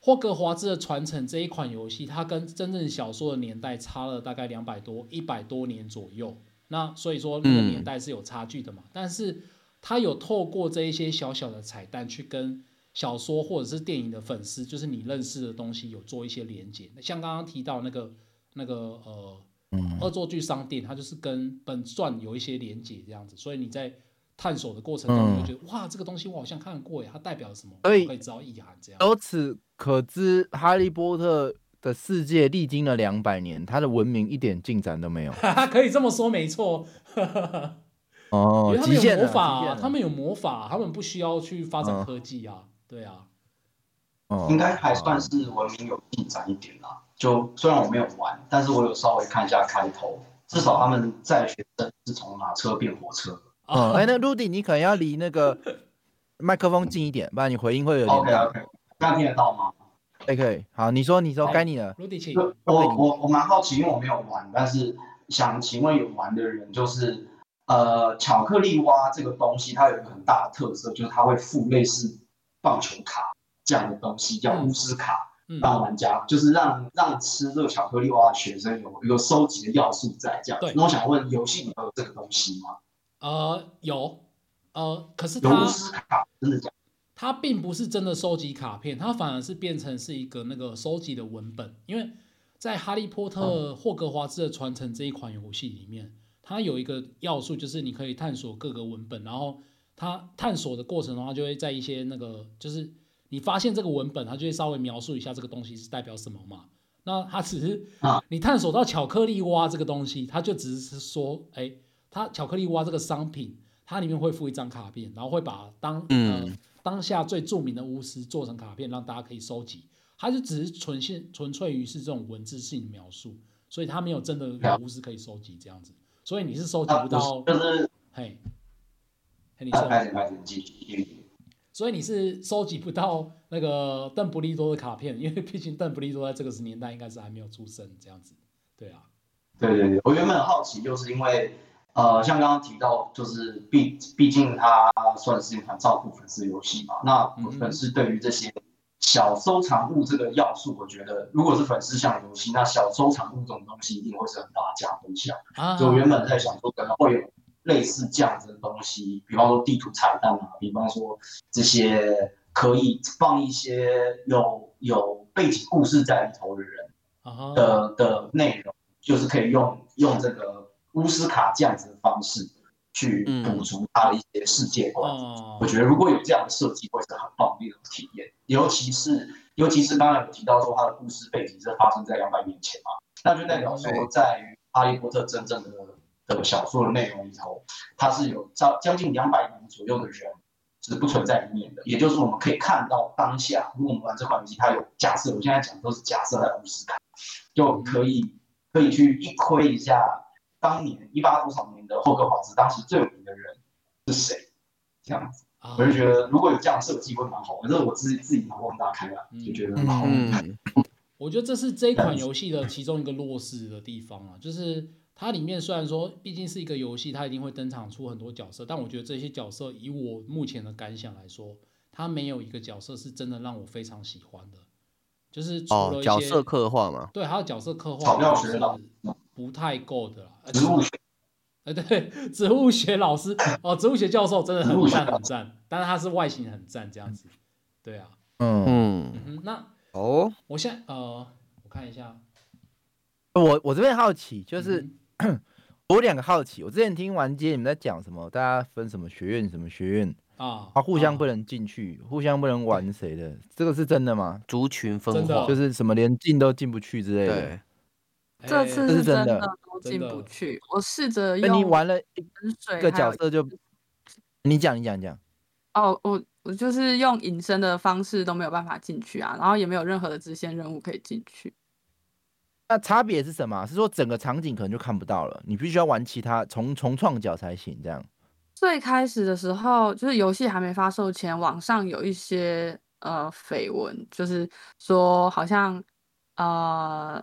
霍格華茲的傳承》這一款遊戲，它跟真正小說的年代差了大概兩百多一百多年左右。那所以說，那個年代是有差距的嘛。嗯。但是他有透過這一些小小的彩蛋，去跟小說或者是電影的粉絲，就是你認識的東西，有做一些連接。那個。那像剛剛提到那個那個呃。惡作劇商店，它就是跟本傳有一些連結這樣子，所以你在探索的過程中，你就覺得、嗯、哇，這個東西我好像看過耶，它代表什麼？可以知道意涵這樣。由此可知，哈利波特的世界歷經了兩百年，他的文明一點進展都沒有， 可以這麼說，沒錯。 哦，他們有魔法、啊，他們有魔法、啊，他們不需要去發展科技啊。哦、對啊，應該還算是文明有進展一點啦、啊。哦嗯就雖然我沒有玩，但是我有稍微看一下開頭，至少他們在學生是從馬車變火車。哎、嗯欸，那 Rudy，你可能要離那個麥克風近一點，不然你回音會有點。OK OK，大家聽得到嗎？OK，好，你說，你說該你了。Rudy，、欸、我我我蠻好奇，因為我沒有玩，但是想請問有玩的人，就是呃，巧克力蛙這個東西，它有一個很大的特色，就是它會附類似棒球卡這樣的東西，叫巫師卡。嗯大玩家就是讓讓吃這個巧克力蛙的學生有一個收集的要素在這樣，對那我想問，遊戲裡面有這個東西嗎？呃，有，呃，可是它是卡真的假的？它並不是真的收集卡片，它反而是變成是一個那個收集的文本。因為在《哈利波特：霍格華茲的傳承》這一款遊戲裡面，嗯、它有一個要素，就是你可以探索各個文本，然後它探索的過程的話，就會在一些那個就是。你發現這個文本，它就會稍微描述一下這個東西是代表什麼嘛？那它只是啊，你探索到巧克力蛙這個東西，它就只是說，哎、欸，它巧克力蛙這個商品，它裡面會附一張卡片，然後會把當嗯、呃、當下最著名的巫師做成卡片，讓大家可以收集。它就只是純性純粹於是這種文字性描述，所以它沒有真的巫師可以收集這樣子，所以你是收集不到，就、啊、是嘿，嘿，你始開始繼續所以你是收集不到那個鄧布利多的卡片，因為畢竟鄧布利多在這個年代應該是還沒有出生這樣子，對啊，對對對。我原本很好奇，就是因為呃，像剛剛提到，就是畢畢竟他算是一款照顧粉絲遊戲嘛，那粉絲對於這些小收藏物這個要素，我覺得如果是粉絲向遊戲，那小收藏物這種東西一定會是很大加分項，就、啊、原本在想說，可能會有。類似這樣子的東西，比方說地圖彩蛋啊，比方說這些可以放一些有有背景故事在裡頭的人的、uh huh. 的內容，就是可以用用這個烏斯卡這樣子的方式去補足他的一些世界觀。Uh huh. 我覺得如果有這樣的設計，會是很棒的一種體驗。尤其是尤其是剛剛有提到說他的故事背景是發生在兩百年前嘛，那就代表說在於《哈利波特》真正的，的小說的內容裡頭，它是有將將近兩百年左右的人是不存在一面的，也就是我們可以看到當下，如果我們玩這款遊戲，它有假設，我現在講都是假設的，不是看就可以可以去一窺一下當年一八多少年的霍格華茲，當時最有名的人是誰？這樣子我就覺得如果有這樣的設計會蠻好，啊、反正我自己自己腦洞大開啊，嗯、就覺得很好嗯。嗯， 我覺得這是這一款遊戲的其中一個弱勢的地方啊，就是。它裡面雖然說畢竟是一個遊戲，它一定會登場出很多角色，但我覺得這些角色以我目前的感想來說，它沒有一個角色是真的讓我非常喜歡的，就是除了一些、哦、角色刻畫嘛。對，還有角色刻畫，不太夠的啦。啊呃、植物，哎、呃，對，植物學老師哦、呃，植物學教授真的很讚很讚，但是他是外形很讚這樣子，對啊，嗯，嗯那哦，我現在呃，我看一下，我我這邊好奇就是。嗯我有兩個好奇，我之前聽完接你們在講什麼？大家分什麼學院？什麼學院啊，啊？互相不能進去，啊、互相不能玩誰的？這個是真的嗎？族群分化就是什麼連進都進不去之類的？欸欸欸欸這次是真的都進不去。我試着用你玩了一個角色就，你講你講你講。你哦，我我就是用隱身的方式都沒有辦法進去啊，然後也沒有任何的支線任務可以進去。那差別是什麼？是說整個場景可能就看不到了，你必須要玩其他重重創角才行。這樣，最開始的時候就是遊戲還沒發售前，網上有一些呃緋聞，就是說好像呃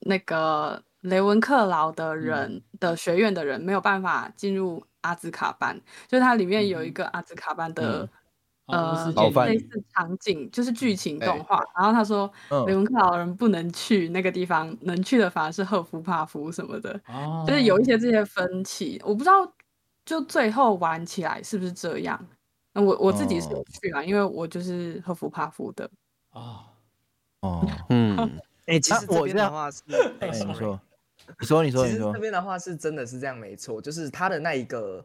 那個雷文克勞的人，嗯、的學院的人沒有辦法進入阿茲卡班，就是它裡面有一個阿茲卡班的。嗯嗯呃，類似場景就是劇情動畫，然後他說雷文克勞人不能去那個地方，能去的反而是赫夫帕夫什麼的，就是有一些這些分歧，我不知道就最後玩起來是不是這樣。那我我自己是有去嘛，因為我就是赫夫帕夫的。哦哦，嗯，哎，其實這邊的話是，哎，你說，你說，你說，其實這邊的話是真的是這樣，沒錯，就是他的那一個。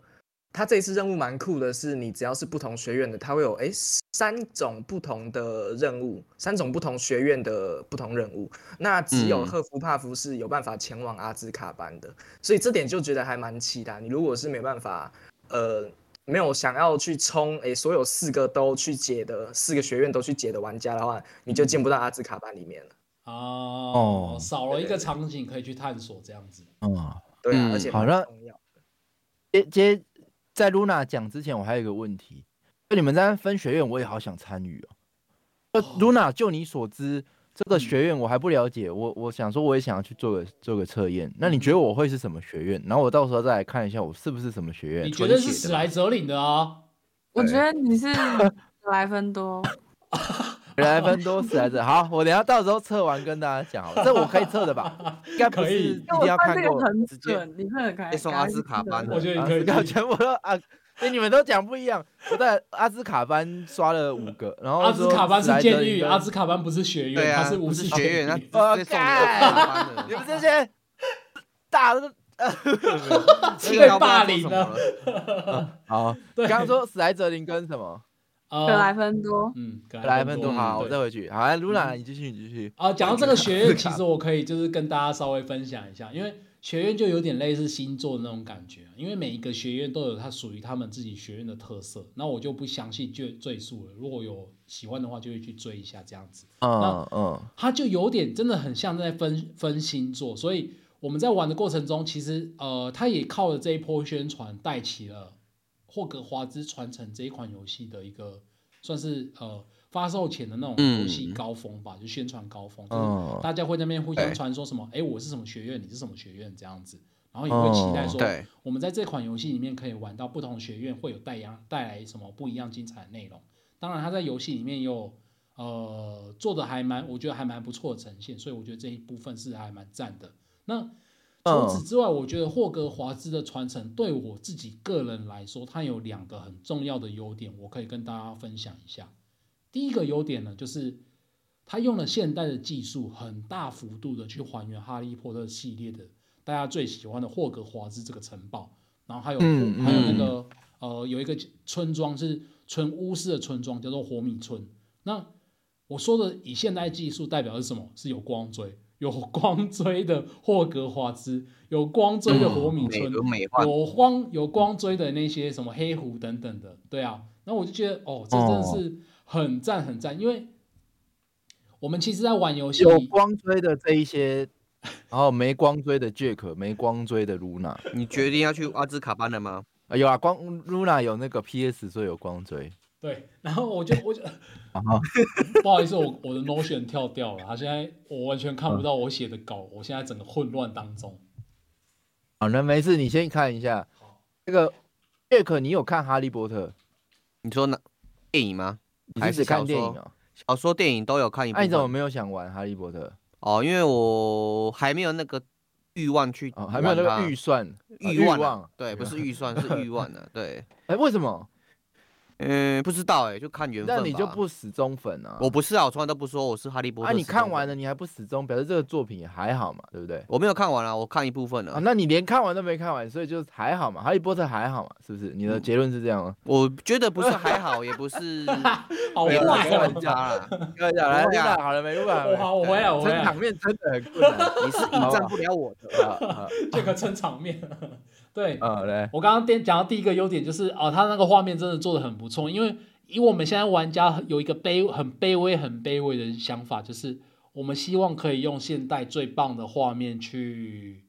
他這一次任務蠻酷的，是你只要是不同學院的，他會有哎、欸、三種不同的任務，三種不同學院的不同任務。那只有赫夫帕夫是有辦法前往阿茲卡班的，嗯、所以這點就覺得還蠻期待。你如果是沒辦法，呃，沒有想要去衝哎、欸、所有四個都去解的，四個學院都去解的玩家的話，你就進不到阿茲卡班裡面了。哦，少了一個場景可以去探索，這樣子。嗯，對啊，而且重要的好像接接。接在露娜講之前，我還有一個問題。就你們在分學院，我也好想參與哦。露娜，就你所知，這個學院我還不了解。嗯、我我想說，我也想要去做個做個測驗。嗯、那你覺得我會是什麼學院？然後我到時候再來看一下我是不是什麼學院。你覺得是史萊哲林的，的啊？對我覺得你是史萊芬多。 原來分多少來着？好，我等下到時候測完跟大家講好了。這我可以測的吧？應該可以，一定要看過。直接，你會很開心。刷阿斯卡班的，我覺得你可以。剛全部都啊，你們都講不一樣。我在阿斯卡班刷了五個，然後阿茲卡班是監獄，阿斯卡班不是學院，它是武士學院。我靠！你們這些大呃七個霸凌的。好，你剛剛說史萊哲林跟什麼？格萊芬多，嗯，格萊芬多、多，嗯、好，對我再回去。好，露娜，嗯，你繼續，你繼續。啊、呃，講到這個學院，其實我可以就是跟大家稍微分享一下， 因為學院就有點類似星座那種感覺，啊，因為每一個學院都有它屬於他們自己學院的特色。那我就不詳細贅贅述了，如果有喜歡的話，就會去追一下這樣子。嗯嗯，那它就有點真的很像在分分星座，所以我們在玩的過程中，其實呃，它也靠着這一波宣傳帶起了。霍格華茲傳承這一款遊戲的一個算是呃發售前的那種遊戲高峰吧，嗯、就宣傳高峰，哦、就是大家會在那邊互相傳說什麼，哎、欸欸，我是什麼學院，你是什麼學院這樣子，然後也會期待說、哦、我們在這款遊戲裡面可以玩到不同學院會有帶樣帶來什麼不一樣精彩的內容。當然，他在遊戲裡面有呃做的還蠻，我覺得還蠻不錯的呈現，所以我覺得這一部分是還蠻讚的。那。除此之外，我覺得《霍格華茲的傳承》對我自己個人來說，它有兩個很重要的優點，我可以跟大家分享一下。第一個優點呢，就是它用了現代的技術，很大幅度的去還原《哈利波特》系列的大家最喜歡的霍格華茲這個城堡，然後還有嗯嗯還有那個呃，有一個村莊是純巫師的村莊，叫做活米村。那我說的以現代技術代表的是什麼？是有光追。有光追的霍格華茲，有光追的活米村，有光有光追的那些什麼黑湖等等的，對啊，那我就覺得哦，這真的是很讚很讚，哦、因為我們其實在玩遊戲，有光追的這一些，然後沒光追的 Jack， 沒光追的露娜，你決定要去阿茲卡班了嗎？啊有啊，光露娜有那個 PS 所以有光追。對，然後我就我就，不好意思，我我的 notion 跳掉了，他現在我完全看不到我寫的稿，我現在整個混亂當中。好，那沒事，你先看一下。那個傑克，你有看《哈利波特》？你說那電影嗎？還是看電影哦。小說、電影都有看一部。哎，你怎麼沒有想玩《哈利波特》？哦，因為我還沒有那個欲望去，還沒有那個預算欲望。對，不是預算，是欲望的。對，哎，為什麼？嗯，不知道哎，就看緣分。那你就不死忠粉啊？我不是啊，我從來都不說我是哈利波特。哎，你看完了，你還不死忠，表示這個作品也還好嘛，對不對？我沒有看完了，我看一部分了。那你連看完都沒看完，所以就還好嘛，哈利波特還好嘛，是不是？你的結論是這樣嗎？我覺得不是還好，也不是。好玩家了，來，好了沒？我好，我回來，我回來。撐場面真的很困難，你是迎戰不了我的，這個撐場面。對，oh, right. 我剛剛先講到第一個優點就是，哦，它那個畫面真的做得很不錯，因為以我們現在玩家有一個卑很卑微很卑微的想法，就是我們希望可以用現代最棒的畫面去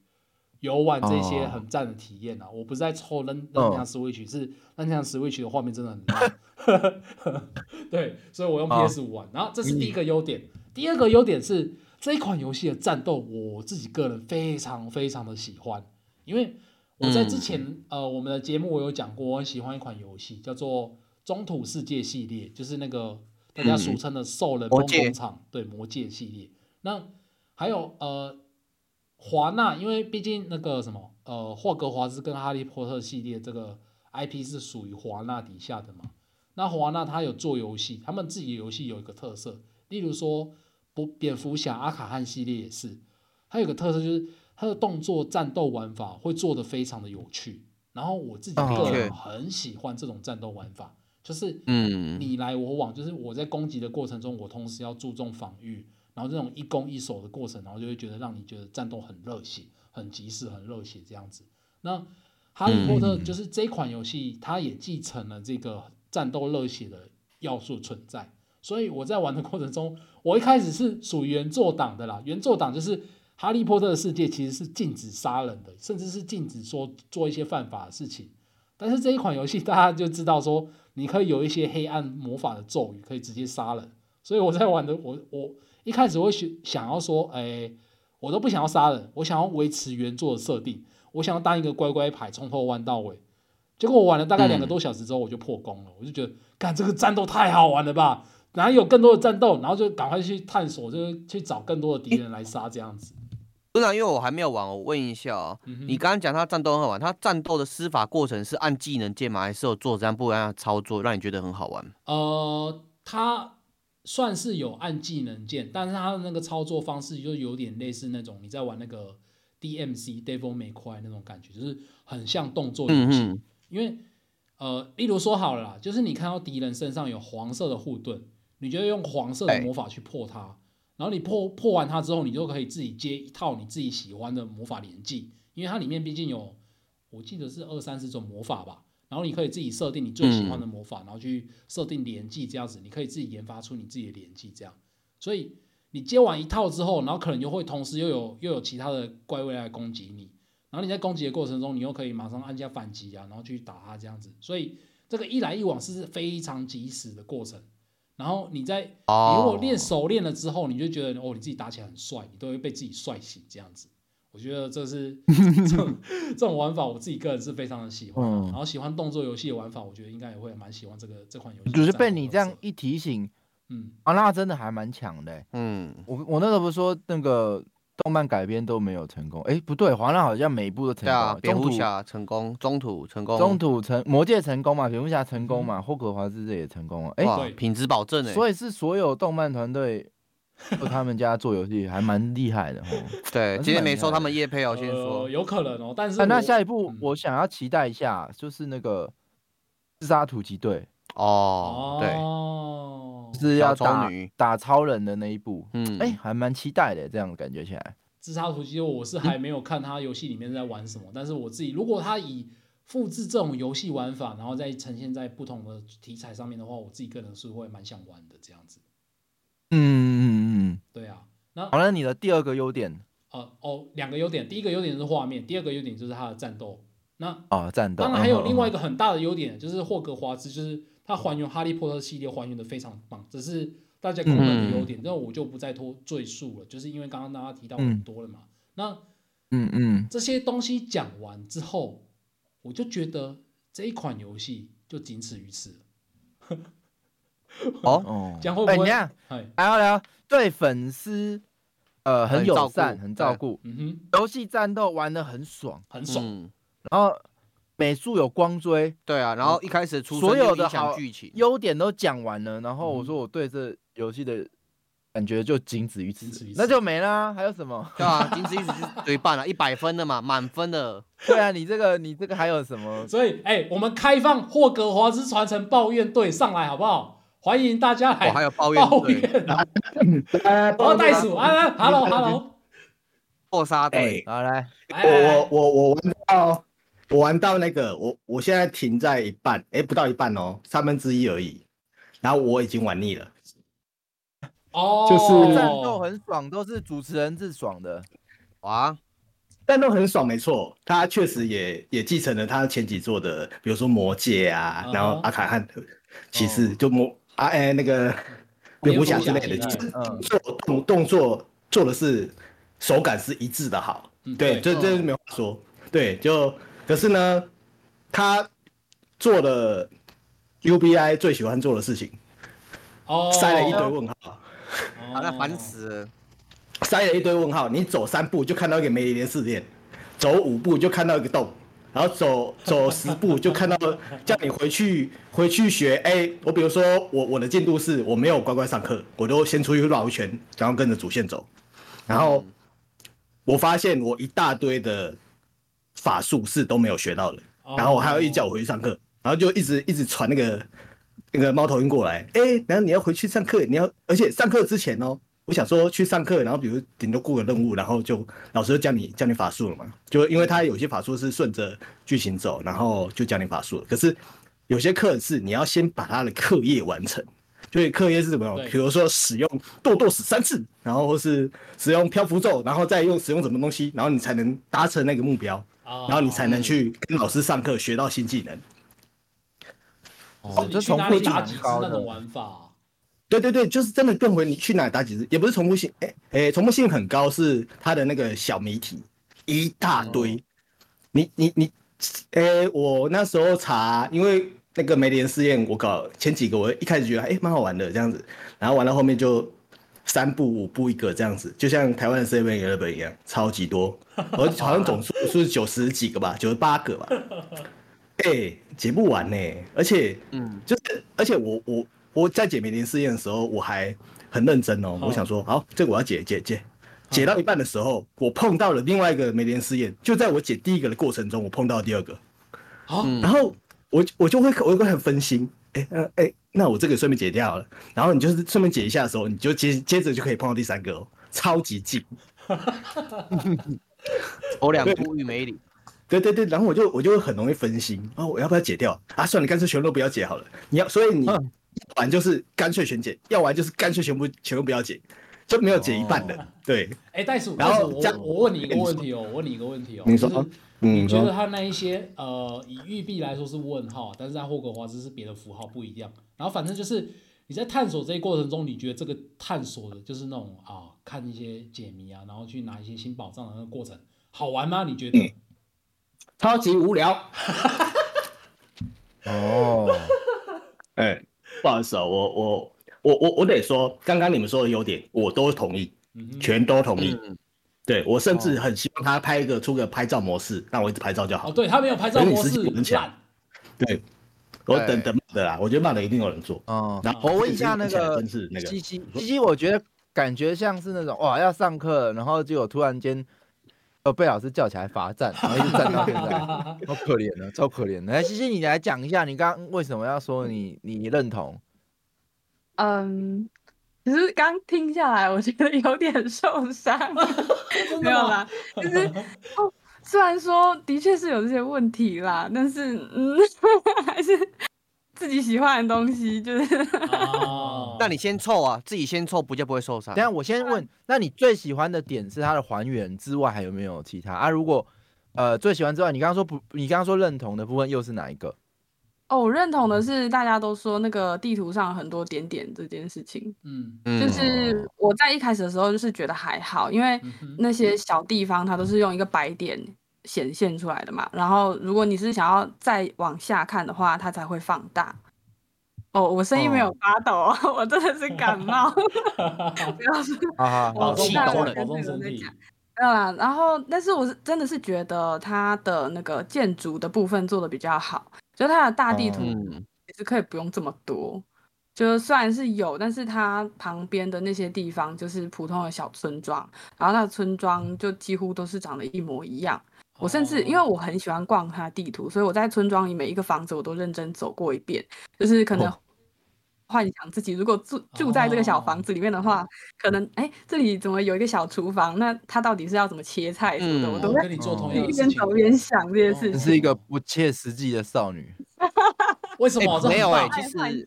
遊玩這些很讚的體驗呢、啊。Oh. 我不是在抽人家 switch，是人家 switch 的畫面真的很棒，oh. 對，所以我用 PS5 玩。Oh. 然後這是第一個優點，第二個優點是這一款遊戲的戰鬥我自己個人非常非常的喜歡，因為。我在之前、嗯、呃，我們的節目我有講過，我很喜歡一款遊戲，叫做《中土世界》系列，就是那個大家俗稱的、嗯、《獸人夢工廠》魔戒對，《魔戒》系列。那還有呃，華納，因為畢竟那個什麼呃，霍格華茲跟《哈利波特》系列這個 IP 是屬於華納底下的嘛。那華納他有做遊戲，他們自己的遊戲有一個特色，例如說不，蝙蝠俠、阿卡漢系列也是，它有一個特色就是。它的動作戰鬥玩法會做得非常的有趣，然後我自己個人很喜歡這種戰鬥玩法，哦、就是嗯，你來我往，就是我在攻擊的過程中，我同時要注重防禦，然後這種一攻一守的過程，然後就會覺得讓你覺得戰鬥很熱血，很及時，很熱血這樣子。那《哈利波特》就是這款遊戲，它也繼承了這個戰鬥熱血的要素的存在，所以我在玩的過程中，我一開始是屬於原作黨的啦，原作黨就是。哈利波特的世界其實是禁止殺人的，甚至是禁止說做一些犯法的事情。但是這一款遊戲，大家就知道說，你可以有一些黑暗魔法的咒語，可以直接殺人。所以我在玩的，我我一開始會想想要說，哎、欸，我都不想要殺人，我想要維持原作的設定，我想要當一個乖乖牌，從頭玩到尾。結果我玩了大概兩個多小時之後，我就破功了。我就覺得，幹這個戰鬥太好玩了吧？哪有更多的戰鬥，然後就趕快去探索，就去找更多的敵人來殺這樣子。不然，因為我還沒有玩，我問一下哦，嗯、哼你剛剛講他戰鬥很好玩，他戰鬥的施法過程是按技能鍵嗎？還是有做這樣不一樣操作，讓你覺得很好玩？呃，他算是有按技能鍵，但是他的那個操作方式就有點類似那種你在玩那個 D M C Devil May Cry 那種感覺，就是很像動作遊戲。嗯、哼因為呃，例如說好了啦，就是你看到敵人身上有黃色的護盾，你就用黃色的魔法去破它。哎然後你破破完它之後，你就可以自己接一套你自己喜歡的魔法連技，因為它裡面畢竟有我記得是二三十種魔法吧。然後你可以自己設定你最喜歡的魔法，然後去設定連技，這樣子你可以自己研發出你自己的連技。這樣，所以你接完一套之後，然後可能就會同時又有又有其他的怪物來攻擊你。然後你在攻擊的過程中，你又可以馬上按下反擊啊，然後去打它這樣子。所以這個一來一往是非常及時的過程。然後你在，你如果練熟練了之後，你就覺得你哦，你自己打起來很帥，你都會被自己帥醒這樣子。我覺得這是這種 這種玩法，我自己個人是非常的喜歡。然後喜歡動作遊戲的玩法，我覺得應該也會蠻喜歡這個這款遊戲。就是被你這樣一提醒，嗯，啊，那真的還蠻強的欸。嗯，我我那時候不是說那個。動漫改編都沒有成功，哎、欸，不對，華納好像每一部都成功。對啊，蝙蝠俠成功，中土成功，中土成魔戒成功嘛，蝙蝠俠成功嘛，霍格華茲這也成功啊，哎、嗯，品質保證哎，所以是所有動漫團隊，他們家做遊戲還蠻厲害的哦。對， 今天沒說他們業配哦、喔，先說、呃，有可能哦、喔，但是、啊、那下一部我想要期待一下，就是那個自殺突擊隊。哦，oh, oh，對，是，是要打超超女打超人的那一部，嗯，哎、欸，還蠻期待的，這樣感覺起來。自殺突擊，我是還沒有看他遊戲裡面在玩什麼，嗯、但是我自己如果他以複製這種遊戲玩法，然後再呈現在不同的題材上面的話，我自己個人是，是會蠻想玩的這樣子。嗯嗯嗯，對啊。那好了，你的第二個優點，呃哦，兩個優點，第一個優點是畫面，第二個優點就是他的戰鬥。那啊、哦，戰鬥，當然還有另外一個很大的優點哦哦就是霍格華茲就是。它還原哈利波特系列還原的非常棒，只是大家公認的優點，那我就不再多贅述了，就是因為剛剛大家提到很多了嘛。那，嗯嗯，這些東西講完之後，我就覺得這一款遊戲就僅此於此了。哦，哎，你這樣，對粉絲呃很友善，很照顧，嗯哼，遊戲戰鬥玩得很爽，很爽，然後。美術有光追，對啊，然後一開始出所有的小劇情，優點都講完了。然後我說我對這遊戲的感覺就僅止於此，那就沒啦，還有什麼？對，僅止於此對半了，一百分的嘛，滿分的。對啊，你這個你這個還有什麼？所以，哎，我們開放霍格華茲傳承抱怨隊上來，好不好？歡迎大家來，我還有抱怨隊，呃，袋袋鼠，Hello Hello，破沙隊，好，來，我我我我聞我玩到那個我我現在停在一半，哎、欸，不到一半哦，三分之一而已。然後我已經玩膩了。哦，oh. 就是戰鬥很爽，都是主持人自爽的啊。Ah. 戰鬥很爽，沒錯，他確實也也繼承了他前幾作的，比如說魔戒啊，uh huh. 然後阿卡漢騎士，uh huh. 就魔啊哎、欸、那個蝙蝠俠之類的，就是做動作、uh huh. 動作做的是手感是一致的，好，mm hmm. 對，這這沒有話說，oh. 對就。可是呢，他做了 UBI 最喜歡做的事情，oh, 塞了一堆問號，啊，那煩死了！塞了一堆問號，你走三步就看到一個梅林試煉，走五步就看到一個洞，然後走走十步就看到 叫你回去回去學。哎、欸，我比如說我我的進度是，我沒有乖乖上課，我就先出去繞一圈，然後跟着主線走，然後、mm. 我發現我一大堆的。法術是都沒有學到的，oh, 然後我還要一叫我回去上課，oh. 然後就一直一直傳那個那個貓頭鷹過來，哎、欸，然後你要回去上課，你要，而且上課之前哦，我想說去上課，然後比如頂多過個任務，然後就老師就教你教你法術了嘛，就因為他有些法術是順着劇情走，然後就教你法術。可是有些課是你要先把他的課業完成，就是課業是什麼？對比如說使用豆豆死三次，然後或是使用漂浮咒，然後再用使用什麼東西，然後你才能達成那個目標。然後你才能去跟老師上課學到新技能。哦，哦，這重複性很高的。這種玩法。對對對，就是真的更回你去哪裡打幾次，也不是重複性。哎哎，重複性很高是它的那個小謎題一大堆。你你、哦、你，哎，我那時候查，因為那個梅林試驗我搞前幾個，我一開始覺得哎蠻好玩的這樣子，然後玩到後面就。三步五步一個這樣子，就像台灣的7-11一樣，超級多，我 好像總數 是九十幾個吧，九十八個吧，哎、欸，解不完呢、欸，而且，嗯，就是，而且我我我在解梅林試驗的時候，我還很認真哦，哦我想說，好，這個、我要解解解，解，哦、解到一半的時候，我碰到了另外一個梅林試驗，就在我解第一個的過程中，我碰到第二個，好、哦，嗯、然後我我就會我就會很分心。哎哎、欸欸，那我這個順便解掉了，然後你就是順便解一下的時候，你就接接着就可以碰到第三個哦，超級近。我兩無語沒理對。對對對，然後我就我就很容易分心啊、哦，我要不要解掉啊？算了，你乾脆全部都不要解好了。你要所以你玩、嗯、就是乾脆全解，要玩就是乾脆全部全部不要解，就沒有解一半的。哦、對，哎、欸，後但是然後這樣，我問你一個問題哦，說我問你一個問題哦，你說。就是嗯、你覺得他那一些，呃，以育碧來說是問號，但是在霍格華茲是別的符號不一樣。然後反正就是你在探索這一過程中，你覺得這個探索的就是那種啊、呃，看一些解謎啊，然後去拿一些新寶藏的那個過程，好玩嗎？你覺得？嗯、超級無聊。 哦，哎、欸，不好意思啊、哦，我我我我我得說，剛剛你們說的優點，我都同意，全都同意。嗯對，我甚至很希望他拍一個出個拍照模式，哦、讓我一直拍照就好。哦，對，對他沒有拍照模式你來，站。要 對，對我等等的啦，我覺得慢了一定有人做。哦，我問一下那個西西 那個、西西，西西我覺得感覺像是那種哇，要上課，然後就有突然間，呃，被老師叫起來罰站，然後一直站到現在，好 可憐啊，超可憐的。來、欸，西西你來講一下，你剛剛為什麼要說你你認同？嗯。只是剛聽下來，我覺得有點受傷。 嗎 沒有啦，就是、哦、雖然說的確是有這些問題啦，但是嗯，還是自己喜歡的東西就是。哦。Oh. 那你先湊啊，自己先湊不就不會受傷？等下我先問， 那你最喜歡的點是它的還原之外，還有沒有其他？啊，如果呃最喜歡之外，你剛剛說不，你剛剛說認同的部分又是哪一個？哦，我認同的是大家都說那個地圖上很多點點這件事情，嗯，嗯，就是我在一開始的時候，就是覺得還好，因為那些小地方它都是用一個白點顯現出來的嘛，然後如果你是想要再往下看的話，它才會放大。哦，我聲音沒有發抖，哦、 我真的是感冒，不要老氣功了，老 中醫。啊，然後但是我是真的是覺得它的那個建築的部分做的比較好。就它的大地圖其實可以不用這麼多，Oh. 就雖然是有，但是它旁邊的那些地方就是普通的小村莊，然後那村莊就幾乎都是長得一模一樣。我甚至因為我很喜歡逛它的地圖，所以我在村莊裡每一個房子我都認真走過一遍，就是可能。Oh. 幻想自己如果住住在這個小房子裡面的話，可能哎，這裡怎麼有一個小廚房？那他到底是要怎麼切菜什麼的？我都跟你做同一個事情，一邊走一邊想這些事情。是一個不切實際的少女。為什麼沒有？哎，其實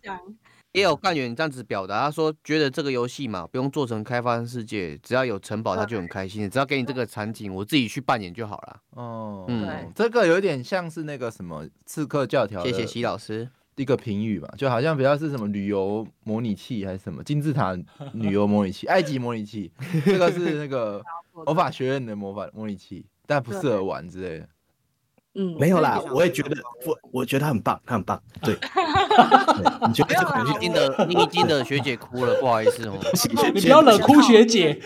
也有幹員這樣子表達，他說覺得這個遊戲嘛，不用做成開放世界，只要有城堡他就很開心。只要給你這個場景，我自己去扮演就好了。哦，嗯，這個有點像是那個什麼刺客教條。謝謝習老師。一個評語吧，就好像比較是什麼旅遊模擬器還是什麼金字塔旅遊模擬器、埃及模擬器，這個是那個魔法學院的魔法模擬器，但不適合玩之類的。嗯，沒有啦，我也覺得，我我覺得他很棒，他很棒。對，你覺得，得的，你已經得學姐哭了，不好意思哦。你不要冷哭學姐，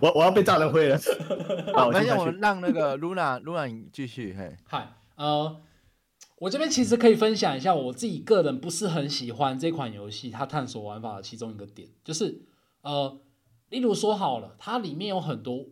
我我要被炸了灰了。那事，我讓那個 Runa Runa 你繼續。嗨，我這邊其實可以分享一下，我自己個人不是很喜歡這款遊戲，它探索玩法的其中一個點，就是呃，例如說好了，它裡面有很多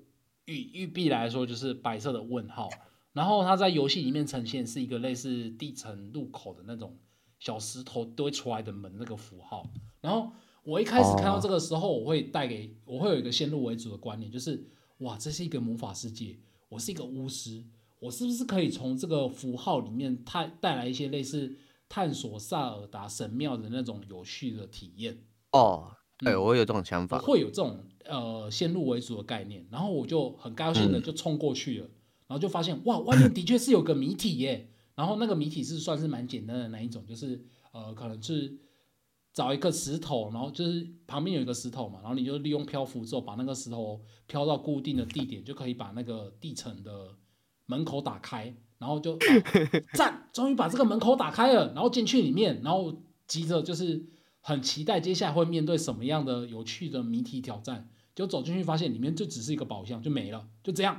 玉玉幣來說，就是白色的問號，然後它在遊戲裡面呈現是一個類似地層入口的那種小石頭堆出來的門那個符號，然後我一開始看到這個時候，我會帶給我會有一個先入為主的觀念，就是哇，這是一個魔法世界，我是一個巫師。我是不是可以從這個符號裡面探帶來一些類似探索薩爾達神廟的那種有趣的體驗？哦、oh, 嗯，對、哎，我有這種想法，會有這種呃先入為主的概念，然後我就很高興的就衝過去了，嗯、然後就發現哇，外面的確是有個謎題耶， 然後那個謎題是算是蠻簡單的那一種，就是呃可能是找一個石頭，然後就是旁邊有一個石頭嘛，然後你就利用漂浮之後把那個石頭漂到固定的地點，嗯、就可以把那個地層的，門口打開，然後就站，哦、終於把這個門口打開了，然後進去裡面，然後急着就是很期待接下來會面對什麼樣的有趣的謎題挑戰，就走進去發現裡面就只是一個寶箱就沒了，就這樣。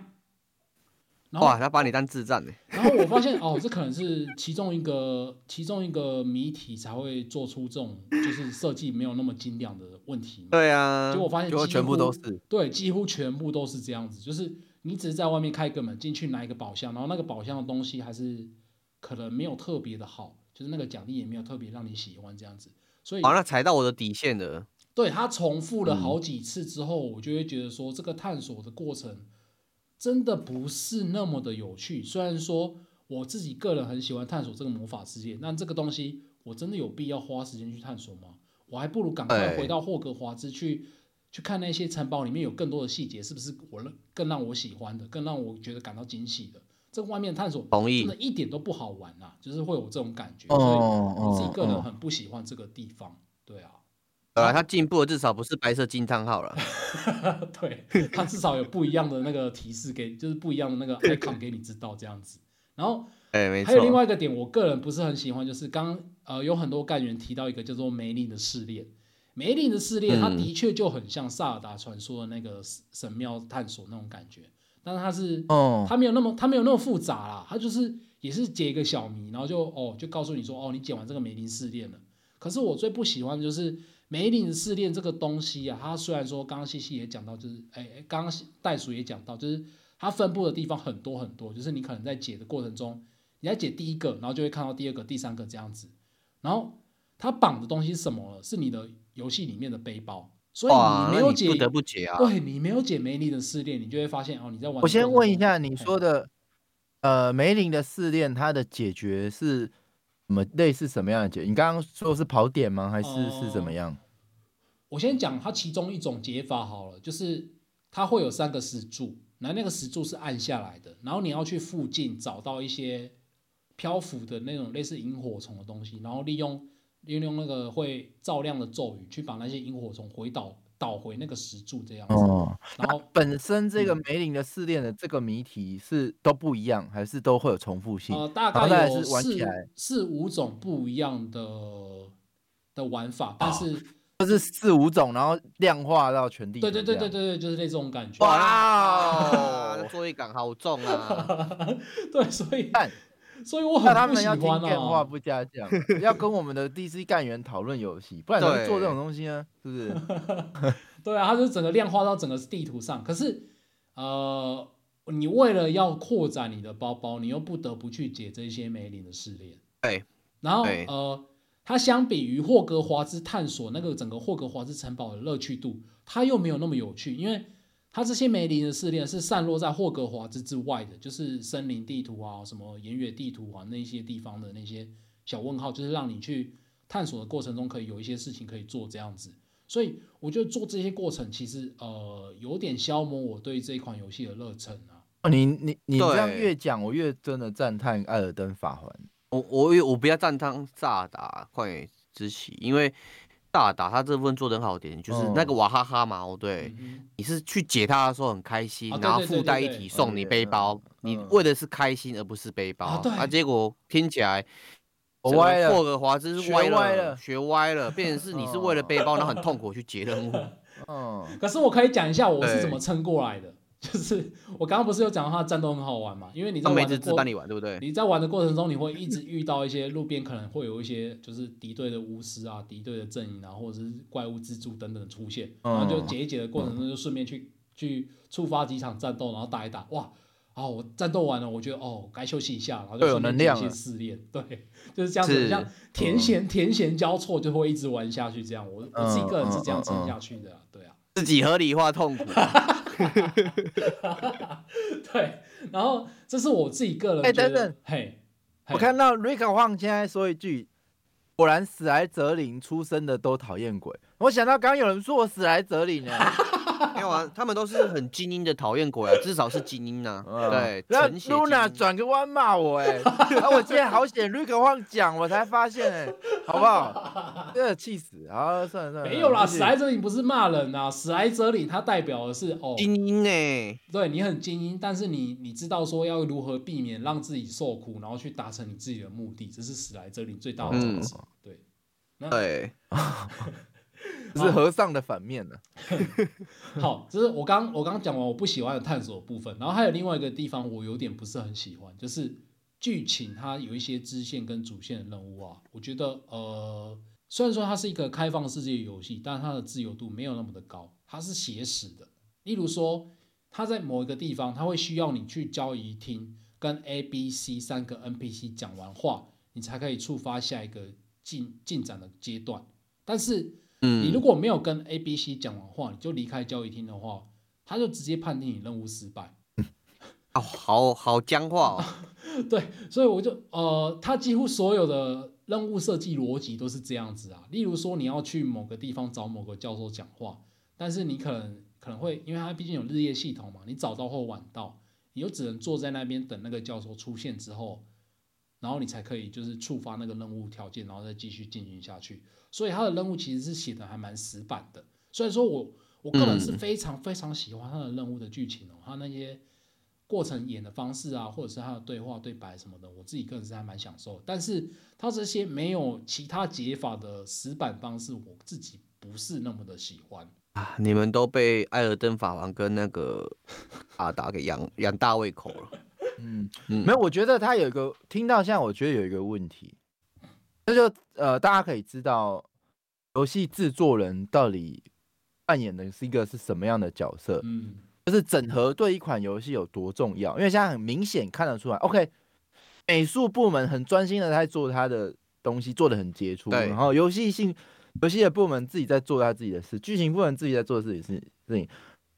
然後哇，他把你當智障。然後我發現哦，這可能是其中一個其中一個謎題才會做出這種就是設計沒有那麼精良的問題。對啊。結果我發現幾乎，就全部都是。對，幾乎全部都是這樣子，就是。你只是在外面開一個門進去拿一個寶箱，然後那個寶箱的東西還是可能沒有特別的好，就是那個獎勵也沒有特別讓你喜歡這樣子。所以，好，那踩到我的底線了。對他重複了好幾次之後，嗯、我就會覺得說，這個探索的過程真的不是那麼的有趣。雖然說我自己個人很喜歡探索這個魔法世界，但這個東西我真的有必要花時間去探索嗎？我還不如趕快回到霍格華茲去。去看那些城堡裡面有更多的細節，是不是，我更讓我喜歡的，更讓我覺得感到驚喜的？這外面探索，同意，真的一點都不好玩啊！意就是會有這種感覺，哦、所以我自己個人很不喜歡這個地方。對啊，啊、哦，他進步的至少不是白色金湯號了。 對，他至少有不一樣的那個提示給， 就是不一樣的那個 icon 給你知道這樣子。然後，欸、還有另外一個點，我個人不是很喜歡，就是剛呃有很多幹員提到一個叫做梅林的試煉。梅林的試煉，它的確就很像《薩爾達傳說》的那個神廟探索那種感覺，嗯、但是它是，哦、它沒有那麼，它沒有那麼複雜啦，它就是也是解一個小謎，然後就哦，就告訴你說，哦，你解完這個梅林試煉了。可是我最不喜歡的就是梅林試煉這個東西啊，它雖然說剛剛西西也講到，就是哎，剛、欸、剛剛袋鼠也講到，就是它分布的地方很多很多，就是你可能在解的過程中，你在解第一個，然後就會看到第二個、第三個這樣子，然後它綁的東西什麼了，是你的。遊戲裡面的背包，所以你沒有解，不得不解啊。對，你沒有解梅林的試煉，你就會發現哦，你在玩。我先問一下，你說的、嗯、呃梅林的試煉，它的解決是什麼？類似什麼樣的解？你剛剛說是跑點嗎？還是是怎麼樣？嗯、我先講它其中一種解法好了，就是它會有三個石柱，那那個石柱是按下來的，然後你要去附近找到一些漂浮的那種類似螢火蟲的東西，然後利用。運用那個會照亮的咒語，去把那些螢火蟲回導導回那個石柱這樣子。哦、然後本身這個梅林的試煉的這個謎題是都不一樣，嗯、還是都會有重複性？哦、呃，大概有四、四五種不一樣的的玩法，但是這、哦、是四五種，然後量化到全地全。對對對對對對，就是那這種感覺。哇哦， 作業感好重啊！ 對，所以。所以我很喜歡 Game、哦、話不加醬，哦、要跟我們的 DC 幹員討論遊戲， 不然怎麼做這種東西呢、啊？對是不是？ 對啊，它就整個量化到整個地圖上。可是，呃，你為了要擴展你的包包，你又不得不去解這些梅林的試煉。對然後，對呃，它相比於霍格華茲探索那個整個霍格華茲城堡的樂趣度，它又沒有那麼有趣，因為。它這些梅林的試煉是散落在霍格華茲之、之外的，就是森林地圖啊、什麼遠月地圖啊那些地方的那些小問號，就是讓你去探索的過程中可以有一些事情可以做這樣子。所以我覺得做這些過程其實呃有點消磨我對這一款遊戲的熱忱啊。哦、你你你這樣越講我越真的讚嘆艾爾登法環。我我我不要讚嘆薩爾達曠野之息，因為。打他這部分做的很好的點，就是那個娃哈哈嘛，對，你是去解他的時候很開心，然後附帶一提送你背包，你為的是開心而不是背包，啊，結果聽起來整個霍格華茲是歪了，學歪了，變成是你是為了背包，然後很痛苦去解任務。嗯，可是我可以講一下我是怎麼撐過來的。 就是我剛剛不是有講到他戰鬥很好玩嘛？因為你在玩過，幫你玩對不對？你在玩的過程中，你會一直遇到一些路邊可能會有一些就是敵對的巫師啊、敵 對的陣營啊，或者是怪物蜘蛛等等的出現，嗯、然後就解一解的過程中，就順便去、嗯、去觸發幾場戰鬥，然後打一打。哇，哦，我戰鬥完了，我覺得哦，該休息一下然後一能了，就有能量一些試煉，對，就是這樣子，是像甜鹹甜鹹交錯，就會一直玩下去。這樣，我、嗯、我自己個人是這樣撐下去的、啊，嗯嗯嗯、對啊，自己合理化痛苦。 對，然後這是我自己個人。哎、欸，等等，嘿，我看到 Rick 現在說一句，嘿果然史萊哲林，出生的都討厭鬼。我想到剛剛有人說我史萊哲林啊。他們都是很精英的討厭鬼啊，至少是精英啊。 對，然後 Runa 轉個彎罵我哎、欸，然後、 啊、我今天好險 r o o 講，我才發現哎、欸，好不好？真的氣死啊！算了算了，沒有啦，史萊哲林不是罵人啊，史萊哲林他代表的是哦，精英哎，對你很精英，但是你你知道說要如何避免讓自己受苦，然後去達成你自己的目的，這是史萊哲林最大的宗旨。嗯、對，那。對 是和尚的反面呢、啊。 好，這、就是我剛我剛講完我不喜歡的探索的部分，然後還有另外一個地方我有點不是很喜歡，就是劇情它有一些支線跟主線的任務啊，我覺得呃，雖然說它是一個開放世界的遊戲，但它的自由度沒有那麼的高，它是寫實的。例如說，它在某一個地方，它會需要你去交易廳跟 A、B、C 三個 NPC 講完話，你才可以觸發下一個進進展的階段，但是。嗯，你如果沒有跟 A、B、C 講完話，你就離開交易廳的話，他就直接判定你任務失敗。 哦，好好僵化哦。 對，所以我就呃，他幾乎所有的任務設計邏輯都是這樣子啊。例如說，你要去某個地方找某個教授講話，但是你可能可能會，因為他畢竟有日夜系統嘛，你早到或晚到，你就只能坐在那邊等那個教授出現之後。然後你才可以就是觸發那個任務條件，然後再繼續進行下去。所以他的任務其實是寫的還蠻死板的。雖然說我我個人是非常非常喜歡他的任務的劇情哦，他那些過程演的方式啊，或者是他的對話對白什麼的，我自己個人是還蠻享受。但是他這些沒有其他解法的死板方式，我自己不是那麼的喜歡啊。你們都被艾爾登法王跟那個阿達給養 養大胃口了。嗯嗯，嗯沒有，我覺得他有一個聽到，現在我覺得有一個問題，那就呃，大家可以知道遊戲制作人到底扮演的是一個是什麼樣的角色，嗯、就是整合對一款遊戲有多重要，因為現在很明顯看得出來，OK，美術部門很專心的在做他的東西，做得很傑出，對然後遊戲性遊戲的部門自己在做他自己的事，劇情部門自己在做自己的事事情，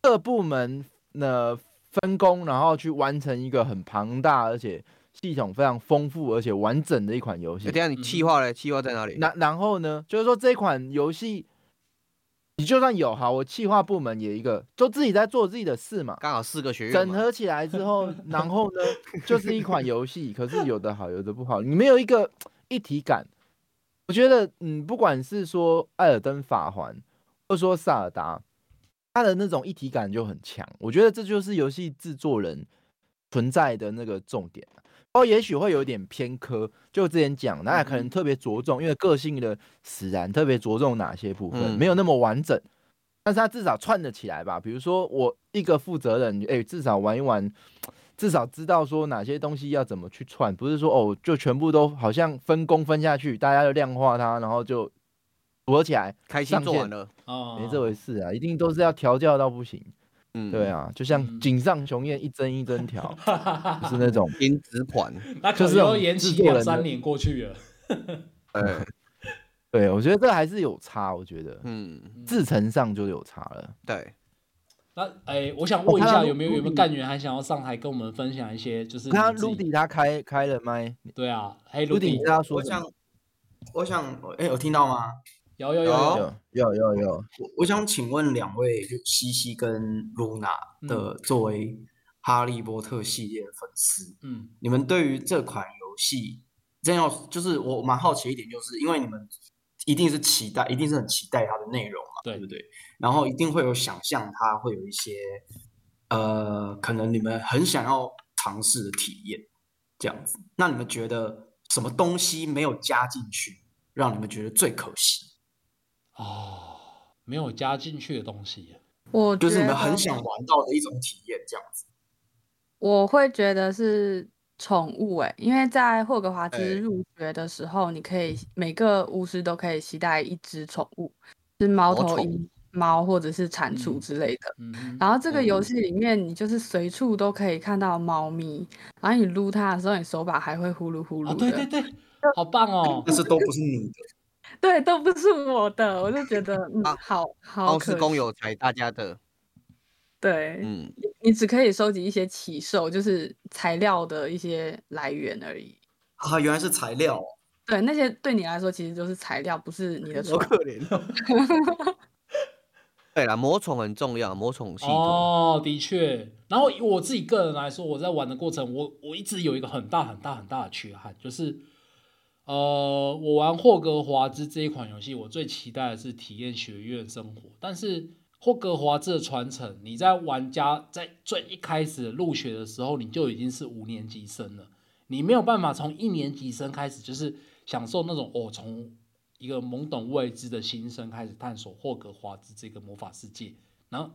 各部門呢。分工，然後去完成一個很龐大，而且系統非常豐富，而且完整的一款遊戲。等下，你企劃嘞？嗯、企劃在哪裡？然後呢？就是說，這款遊戲，你就算有哈，我企劃部門也一個，就自己在做自己的事嘛。剛好四個學院整合起來之後，然後呢， 就是一款遊戲。可是有的好，有的不好，你沒有一個一體感。我覺得，嗯，不管是說艾爾登法環，或者說薩爾達。它的那種一體感就很強，我覺得這就是遊戲制作人存在的那個重點啊。不過也許會有點偏科，就之前講，那可能特別着重，因為個性的使然，特別着重哪些部分，嗯、沒有那麼完整。但是他至少串得起來吧？比如說我一個負責人，哎，至少玩一玩，至少知道說哪些東西要怎麼去串，不是說哦，就全部都好像分工分下去，大家就量化它，然後就。組合起來，開心做完了，沒這回事啊！對 一定都是要調教到不行。嗯，對啊，嗯、就像井上雄彦一針一針調，是那種釘子團。那可能又延期了兩三年過去了。嗯、 對，我覺得這還是有差，我覺得，嗯，製程上就有差了。對，那哎，我想問一下，有沒有有沒有幹員還想要上台跟我們分享一些？就是那盧迪他開開了麥，對啊，哎，盧迪他說我，我想，我想，哎、欸，有聽到嗎？有有有有有有有，我我想請問兩位，就西西跟露娜的，嗯，作為哈利波特系列的粉絲，嗯，你們對於這款遊戲，真要就是我蠻好奇一點，就是因為你們一定是期待，一定是很期待它的內容嘛，對不對？然後一定會有想象，它會有一些，呃，可能你們很想要嘗試的體驗，這樣子，那你們覺得什麼東西沒有加進去，讓你們覺得最可惜？哦，oh, 沒有加進去的東西、啊，我就是你們很想玩到的一種體驗，這樣子。我會覺得是寵物哎、欸，因為在霍格華茲入學的時候，你可以每個巫師都可以攜帶一隻寵物，嗯、是貓頭鷹、貓寵物或者是蟾蜍之類的。嗯嗯、然後這個遊戲裡面，你就是隨處都可以看到貓咪，然後你擼它的時候，你手把還會呼嚕呼嚕的。哦、對，對對，好棒哦！ 但是都不是你的。對，都不是我的，我就覺得，啊、嗯，好好可。都是公，公有財，大家的。對，嗯，你只可以收集一些奇獸，就是材料的一些來源而已。啊，原來是材料、哦對。對，那些對你來說，其實就是材料，不是你的寵物。嗯、好可憐哦。 對了，魔寵很重要，魔寵系統。哦，的確。然後以我自己個人來說，我在玩的過程，我我一直有一個很大很大很大的缺憾，就是。呃，我玩霍格華茲這一款遊戲，我最期待的是體驗學院生活。但是霍格華茲的傳承，你在玩家在最一開始的入學的時候，你就已經是五年級生了，你沒有辦法從一年級生開始，就是享受那種我從、哦、一個懵懂未知的新生開始探索霍格華茲這個魔法世界，然後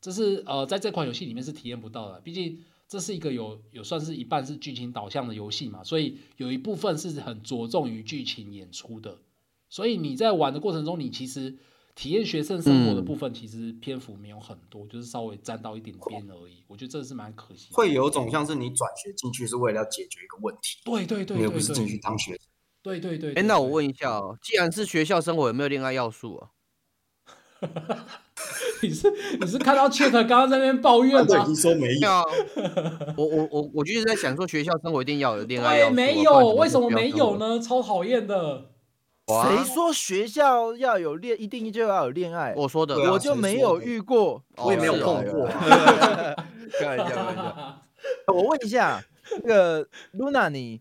這是呃在這款遊戲裡面是體驗不到的，畢竟。這是一個有有算是一半是劇情導向的遊戲嘛，所以有一部分是很着重於劇情演出的，所以你在玩的過程中，你其實體驗學生生活的部分，其實篇幅沒有很多，嗯、就是稍微沾到一點邊而已。哦、我覺得這是蠻可惜的。會有種像是你轉學進去是為了要解決一個問題，對對，對對對，你不是進去當學生。對對對，對。哎、欸，那我問一下哦，既然是學校生活，有沒有戀愛要素啊？ 你是你是看到 c 特剛剛在那邊抱怨嗎？ 我我我，我就是在想說，學校生活一定要有戀愛，哎？沒有，為什麼沒有呢？超討厭的！誰哇說學校要有戀，一定就要有戀愛？我說的，我就沒有遇過，我也沒有碰過，啊。開玩、啊、笑，我問一下，那個 Runa，你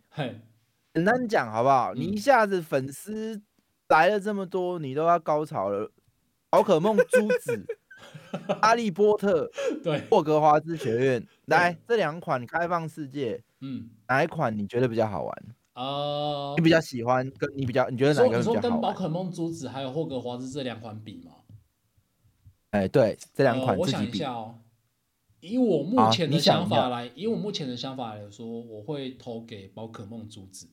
簡單講好不好？嗯、你一下子粉絲來了這麼多，你都要高潮了？寶可夢珠子。 哈 利波特，對霍格華茲學院，來對這兩款開放世界，嗯，哪一款你覺得比較好玩？哦、呃、你比較喜歡，跟你比較，你覺得哪一個比較好玩？你說跟寶可夢朱紫還有霍格華茲這兩款比嗎？哎、欸，對這兩款、呃，我想一下哦。以我目前的想法來，啊、以我目前的想法來說，我會投給寶可夢朱紫。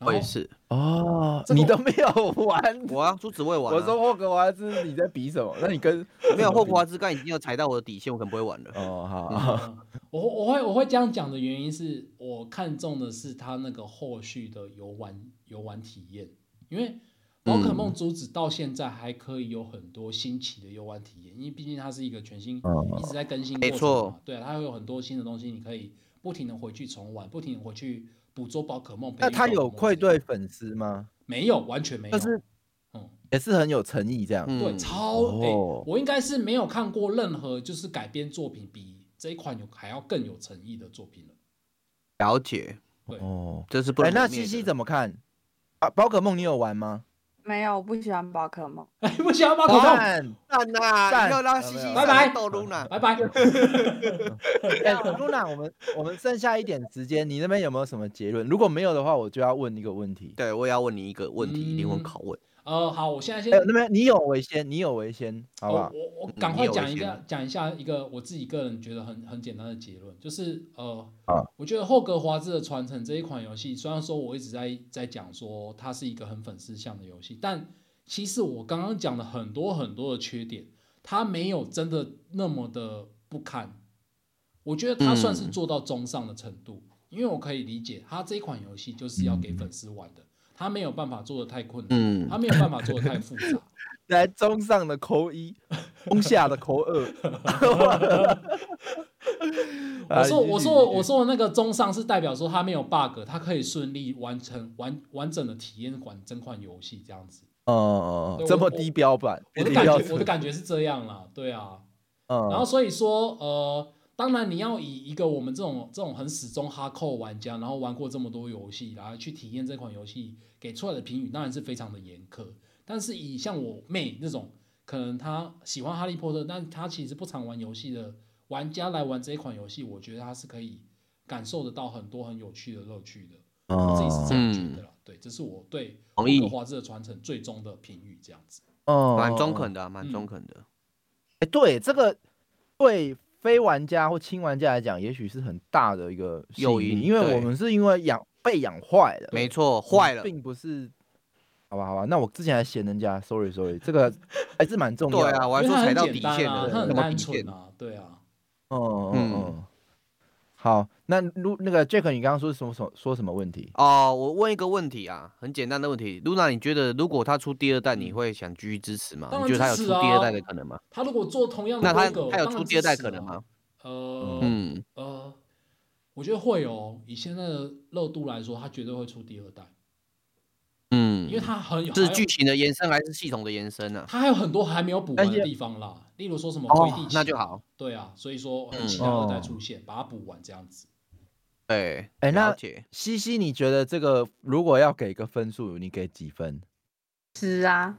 我也是哦，這個、你都沒有玩，我啊朱紫未玩，啊。 我說霍格華茲，你在比什麼？那你跟 沒有霍格華茲，剛剛已經有踩到我的底線，我可能不會玩了。哦，好，好、嗯，我，我我會我會這樣講的原因是，我看中的是它那個後續的遊玩遊玩體驗，因為寶可夢朱紫到現在還可以有很多新奇的遊玩體驗，嗯、因為畢竟它是一個全新，哦、一直在更新過程嘛，的。沒錯，對啊，它會有很多新的東西，你可以不停的回去重玩，不停的回去。捕捉寶可夢，那他，有愧對粉絲嗎？沒有，完全沒有。但是，也是很有誠意這樣。嗯、對，超、欸哦、我應該是沒有看過任何就是改編作品比這一款有還要更有誠意的作品了。了解，對哦，這是不能。那西西怎麼看？寶可夢你有玩嗎？沒有，我不喜歡寶可夢。 不喜歡寶可夢，讚吶，西西拜拜，拜拜，Runa，Runa，我們我們剩下一點時間，你那邊有沒有什麼結論？如果沒有的話，我就要問一個問題。對，我也要問你一個問題，靈、嗯、魂拷問。呃，好，我現在先，那邊你有為先，你有為先，好吧、哦、我我趕快講一個，講一下一個我自己個人覺得很很簡單的結論，就是呃、啊、我覺得《霍格華茲的傳承》這一款遊戲，雖然說我一直在在講說它是一個很粉絲向的遊戲，但其實我剛剛講的很多很多的缺點，它沒有真的那麼的不堪。我覺得它算是做到中上的程度，嗯、因為我可以理解它這一款遊戲就是要給粉絲玩的。嗯他沒有辦法做的太困難，嗯、他沒有辦法做的太複雜。來， 中上的扣一，中下的扣二。 我說，我說，我說的那個中上是代表說他沒有 bug，他可以順利完成完完整的體驗完整款遊戲這樣子。嗯嗯，這麼低標版，我的感覺，我的感覺是這樣啦，對啊，嗯、然後所以說，呃。當然，你要以一個我們這種這種很始終哈扣玩家，然後玩過這麼多遊戲，然後去體驗這款遊戲給出來的評語，當然是非常的嚴苛。但是以像我妹那種，可能她喜歡哈利波特，但她其實不常玩遊戲的玩家來玩這一款遊戲，我覺得她是可以感受得到很多很有趣的樂趣的。啊，我自己是這樣覺得。嗯、對，這是我對《霍格華茲的傳承》最終的評語，這樣子，哦蠻、啊，蠻中肯的，蠻中肯的。哎，對，這個，對。非玩家或親玩家來講，也許是很大的一個誘因，因為我們是因為養對被養壞了，沒錯，壞了，並不是，好吧，好吧，啊，那我之前還嫌人家，sorry，sorry，Sorry，這個還是蠻重要的，對啊，我還說踩到底線的，那麼底線啊，對啊，嗯嗯嗯，嗯好。那盧那個傑克，你剛剛說什麼？說說什麼問題？哦，uh, 我問一個問題啊，很簡單的問題。露娜，你覺得如果他出第二代，你會想繼續支持嗎？當然支持啊。你覺得他有出第二代的可能嗎？他如果做同樣的，那他他有出第二代可能嗎？啊，呃，嗯，呃，我覺得會哦。以現在的熱度來說，他絕對會出第二代。嗯，因為他很有是劇情的延伸還是系統的延伸呢？啊？他還有很多還沒有補完的地方啦，是例如說什麼魁地奇。哦，那就好。對啊，所以說很期待二代出現，嗯哦，把它補完這樣子。哎哎，那西西，你覺得這個如果要給個分數，你給幾分？是啊！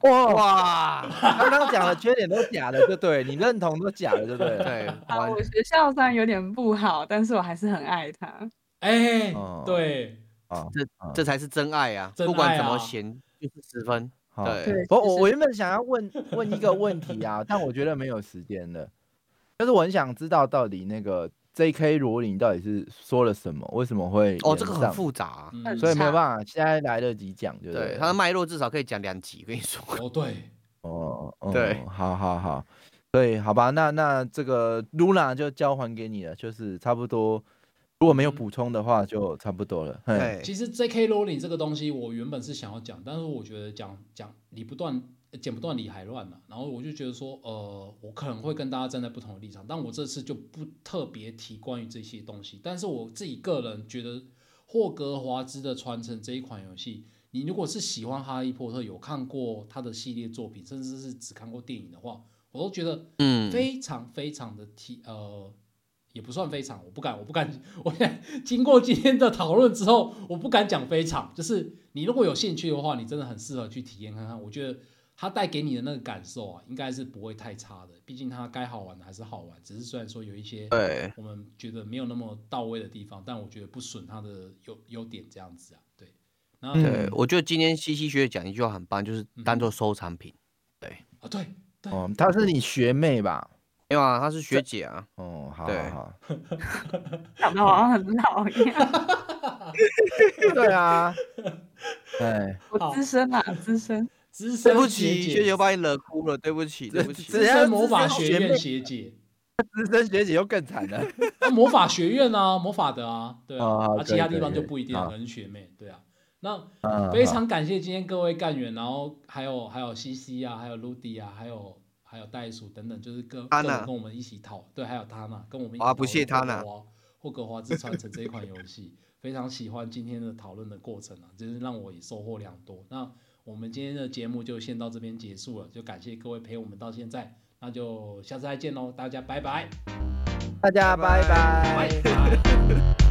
哇哇！剛剛講的缺點都是假的，就對你認同都是假的，對不對？對我學校雖然有點不好，但是我還是很愛他。哎，對，這這才是真愛啊！不管怎麼嫌，就是十分。對，我我我原本想要問問一個問題啊，但我覺得沒有時間了。但是我很想知道到底那個。J.K. 羅琳到底是說了什麼？為什麼會哦？這個很複雜、啊，所以沒辦法，嗯、現在來得及講，對不對？它的脈絡至少可以講兩集。跟你說哦，對，哦，嗯、對，好好好，對，好吧，那那這個 Runa 就交還給你了，就是差不多，如果沒有補充的話，就差不多了。哎、嗯，嘿其實 J.K. 羅琳這個東西，我原本是想要講，但是我覺得講講你不斷。剪不斷理還亂了、啊，然後我就覺得說，呃，我可能會跟大家站在不同的立場，但我這次就不特別提關於這些東西。但是我自己個人覺得，《霍格華茲的傳承》這一款遊戲，你如果是喜歡哈利波特，有看過他的系列作品，甚至是只看過電影的話，我都覺得，嗯，非常非常的提，呃，也不算非常，我不敢，我不敢，我也經過今天的討論之後，我不敢講非常。就是你如果有興趣的話，你真的很適合去體驗看看，我覺得。他帶給你的那個感受啊，應該是不會太差的。畢竟他該好玩的還是好玩，只是雖然說有一些，對，我們覺得沒有那麼到位的地方，但我覺得不損他的優優點這樣子啊，對。然後，我覺得今天西西學姐講一句話很棒，就是當做收藏品。對，啊對，嗯，她是你學妹吧？沒有啊，她是學姐啊。哦，好好好。長得好像很老一樣。對啊，對，我資深啊，資深。資深學姐又把你惹哭了，對不起，對不起。資深魔法學院學姐，資深學姐又更慘了。那魔法學院呢？魔法的啊，對啊。啊，其他地方就不一定，可能學妹。對啊，那非常感謝今天各位幹員，然後還有還有 CC 啊，還有 Ludy 啊，還有還有袋鼠等等，就是各各跟我們一起討。對，還有他嘛，跟我們一起啊，不謝他們霍格華茲傳承這一款遊戲，非常喜歡今天的討論的過程啊，真是讓我也收穫良多。那我們今天的節目就先到這邊結束了，就感謝各位陪我們到現在，那就下次再見嘍，大家拜拜，大家拜拜。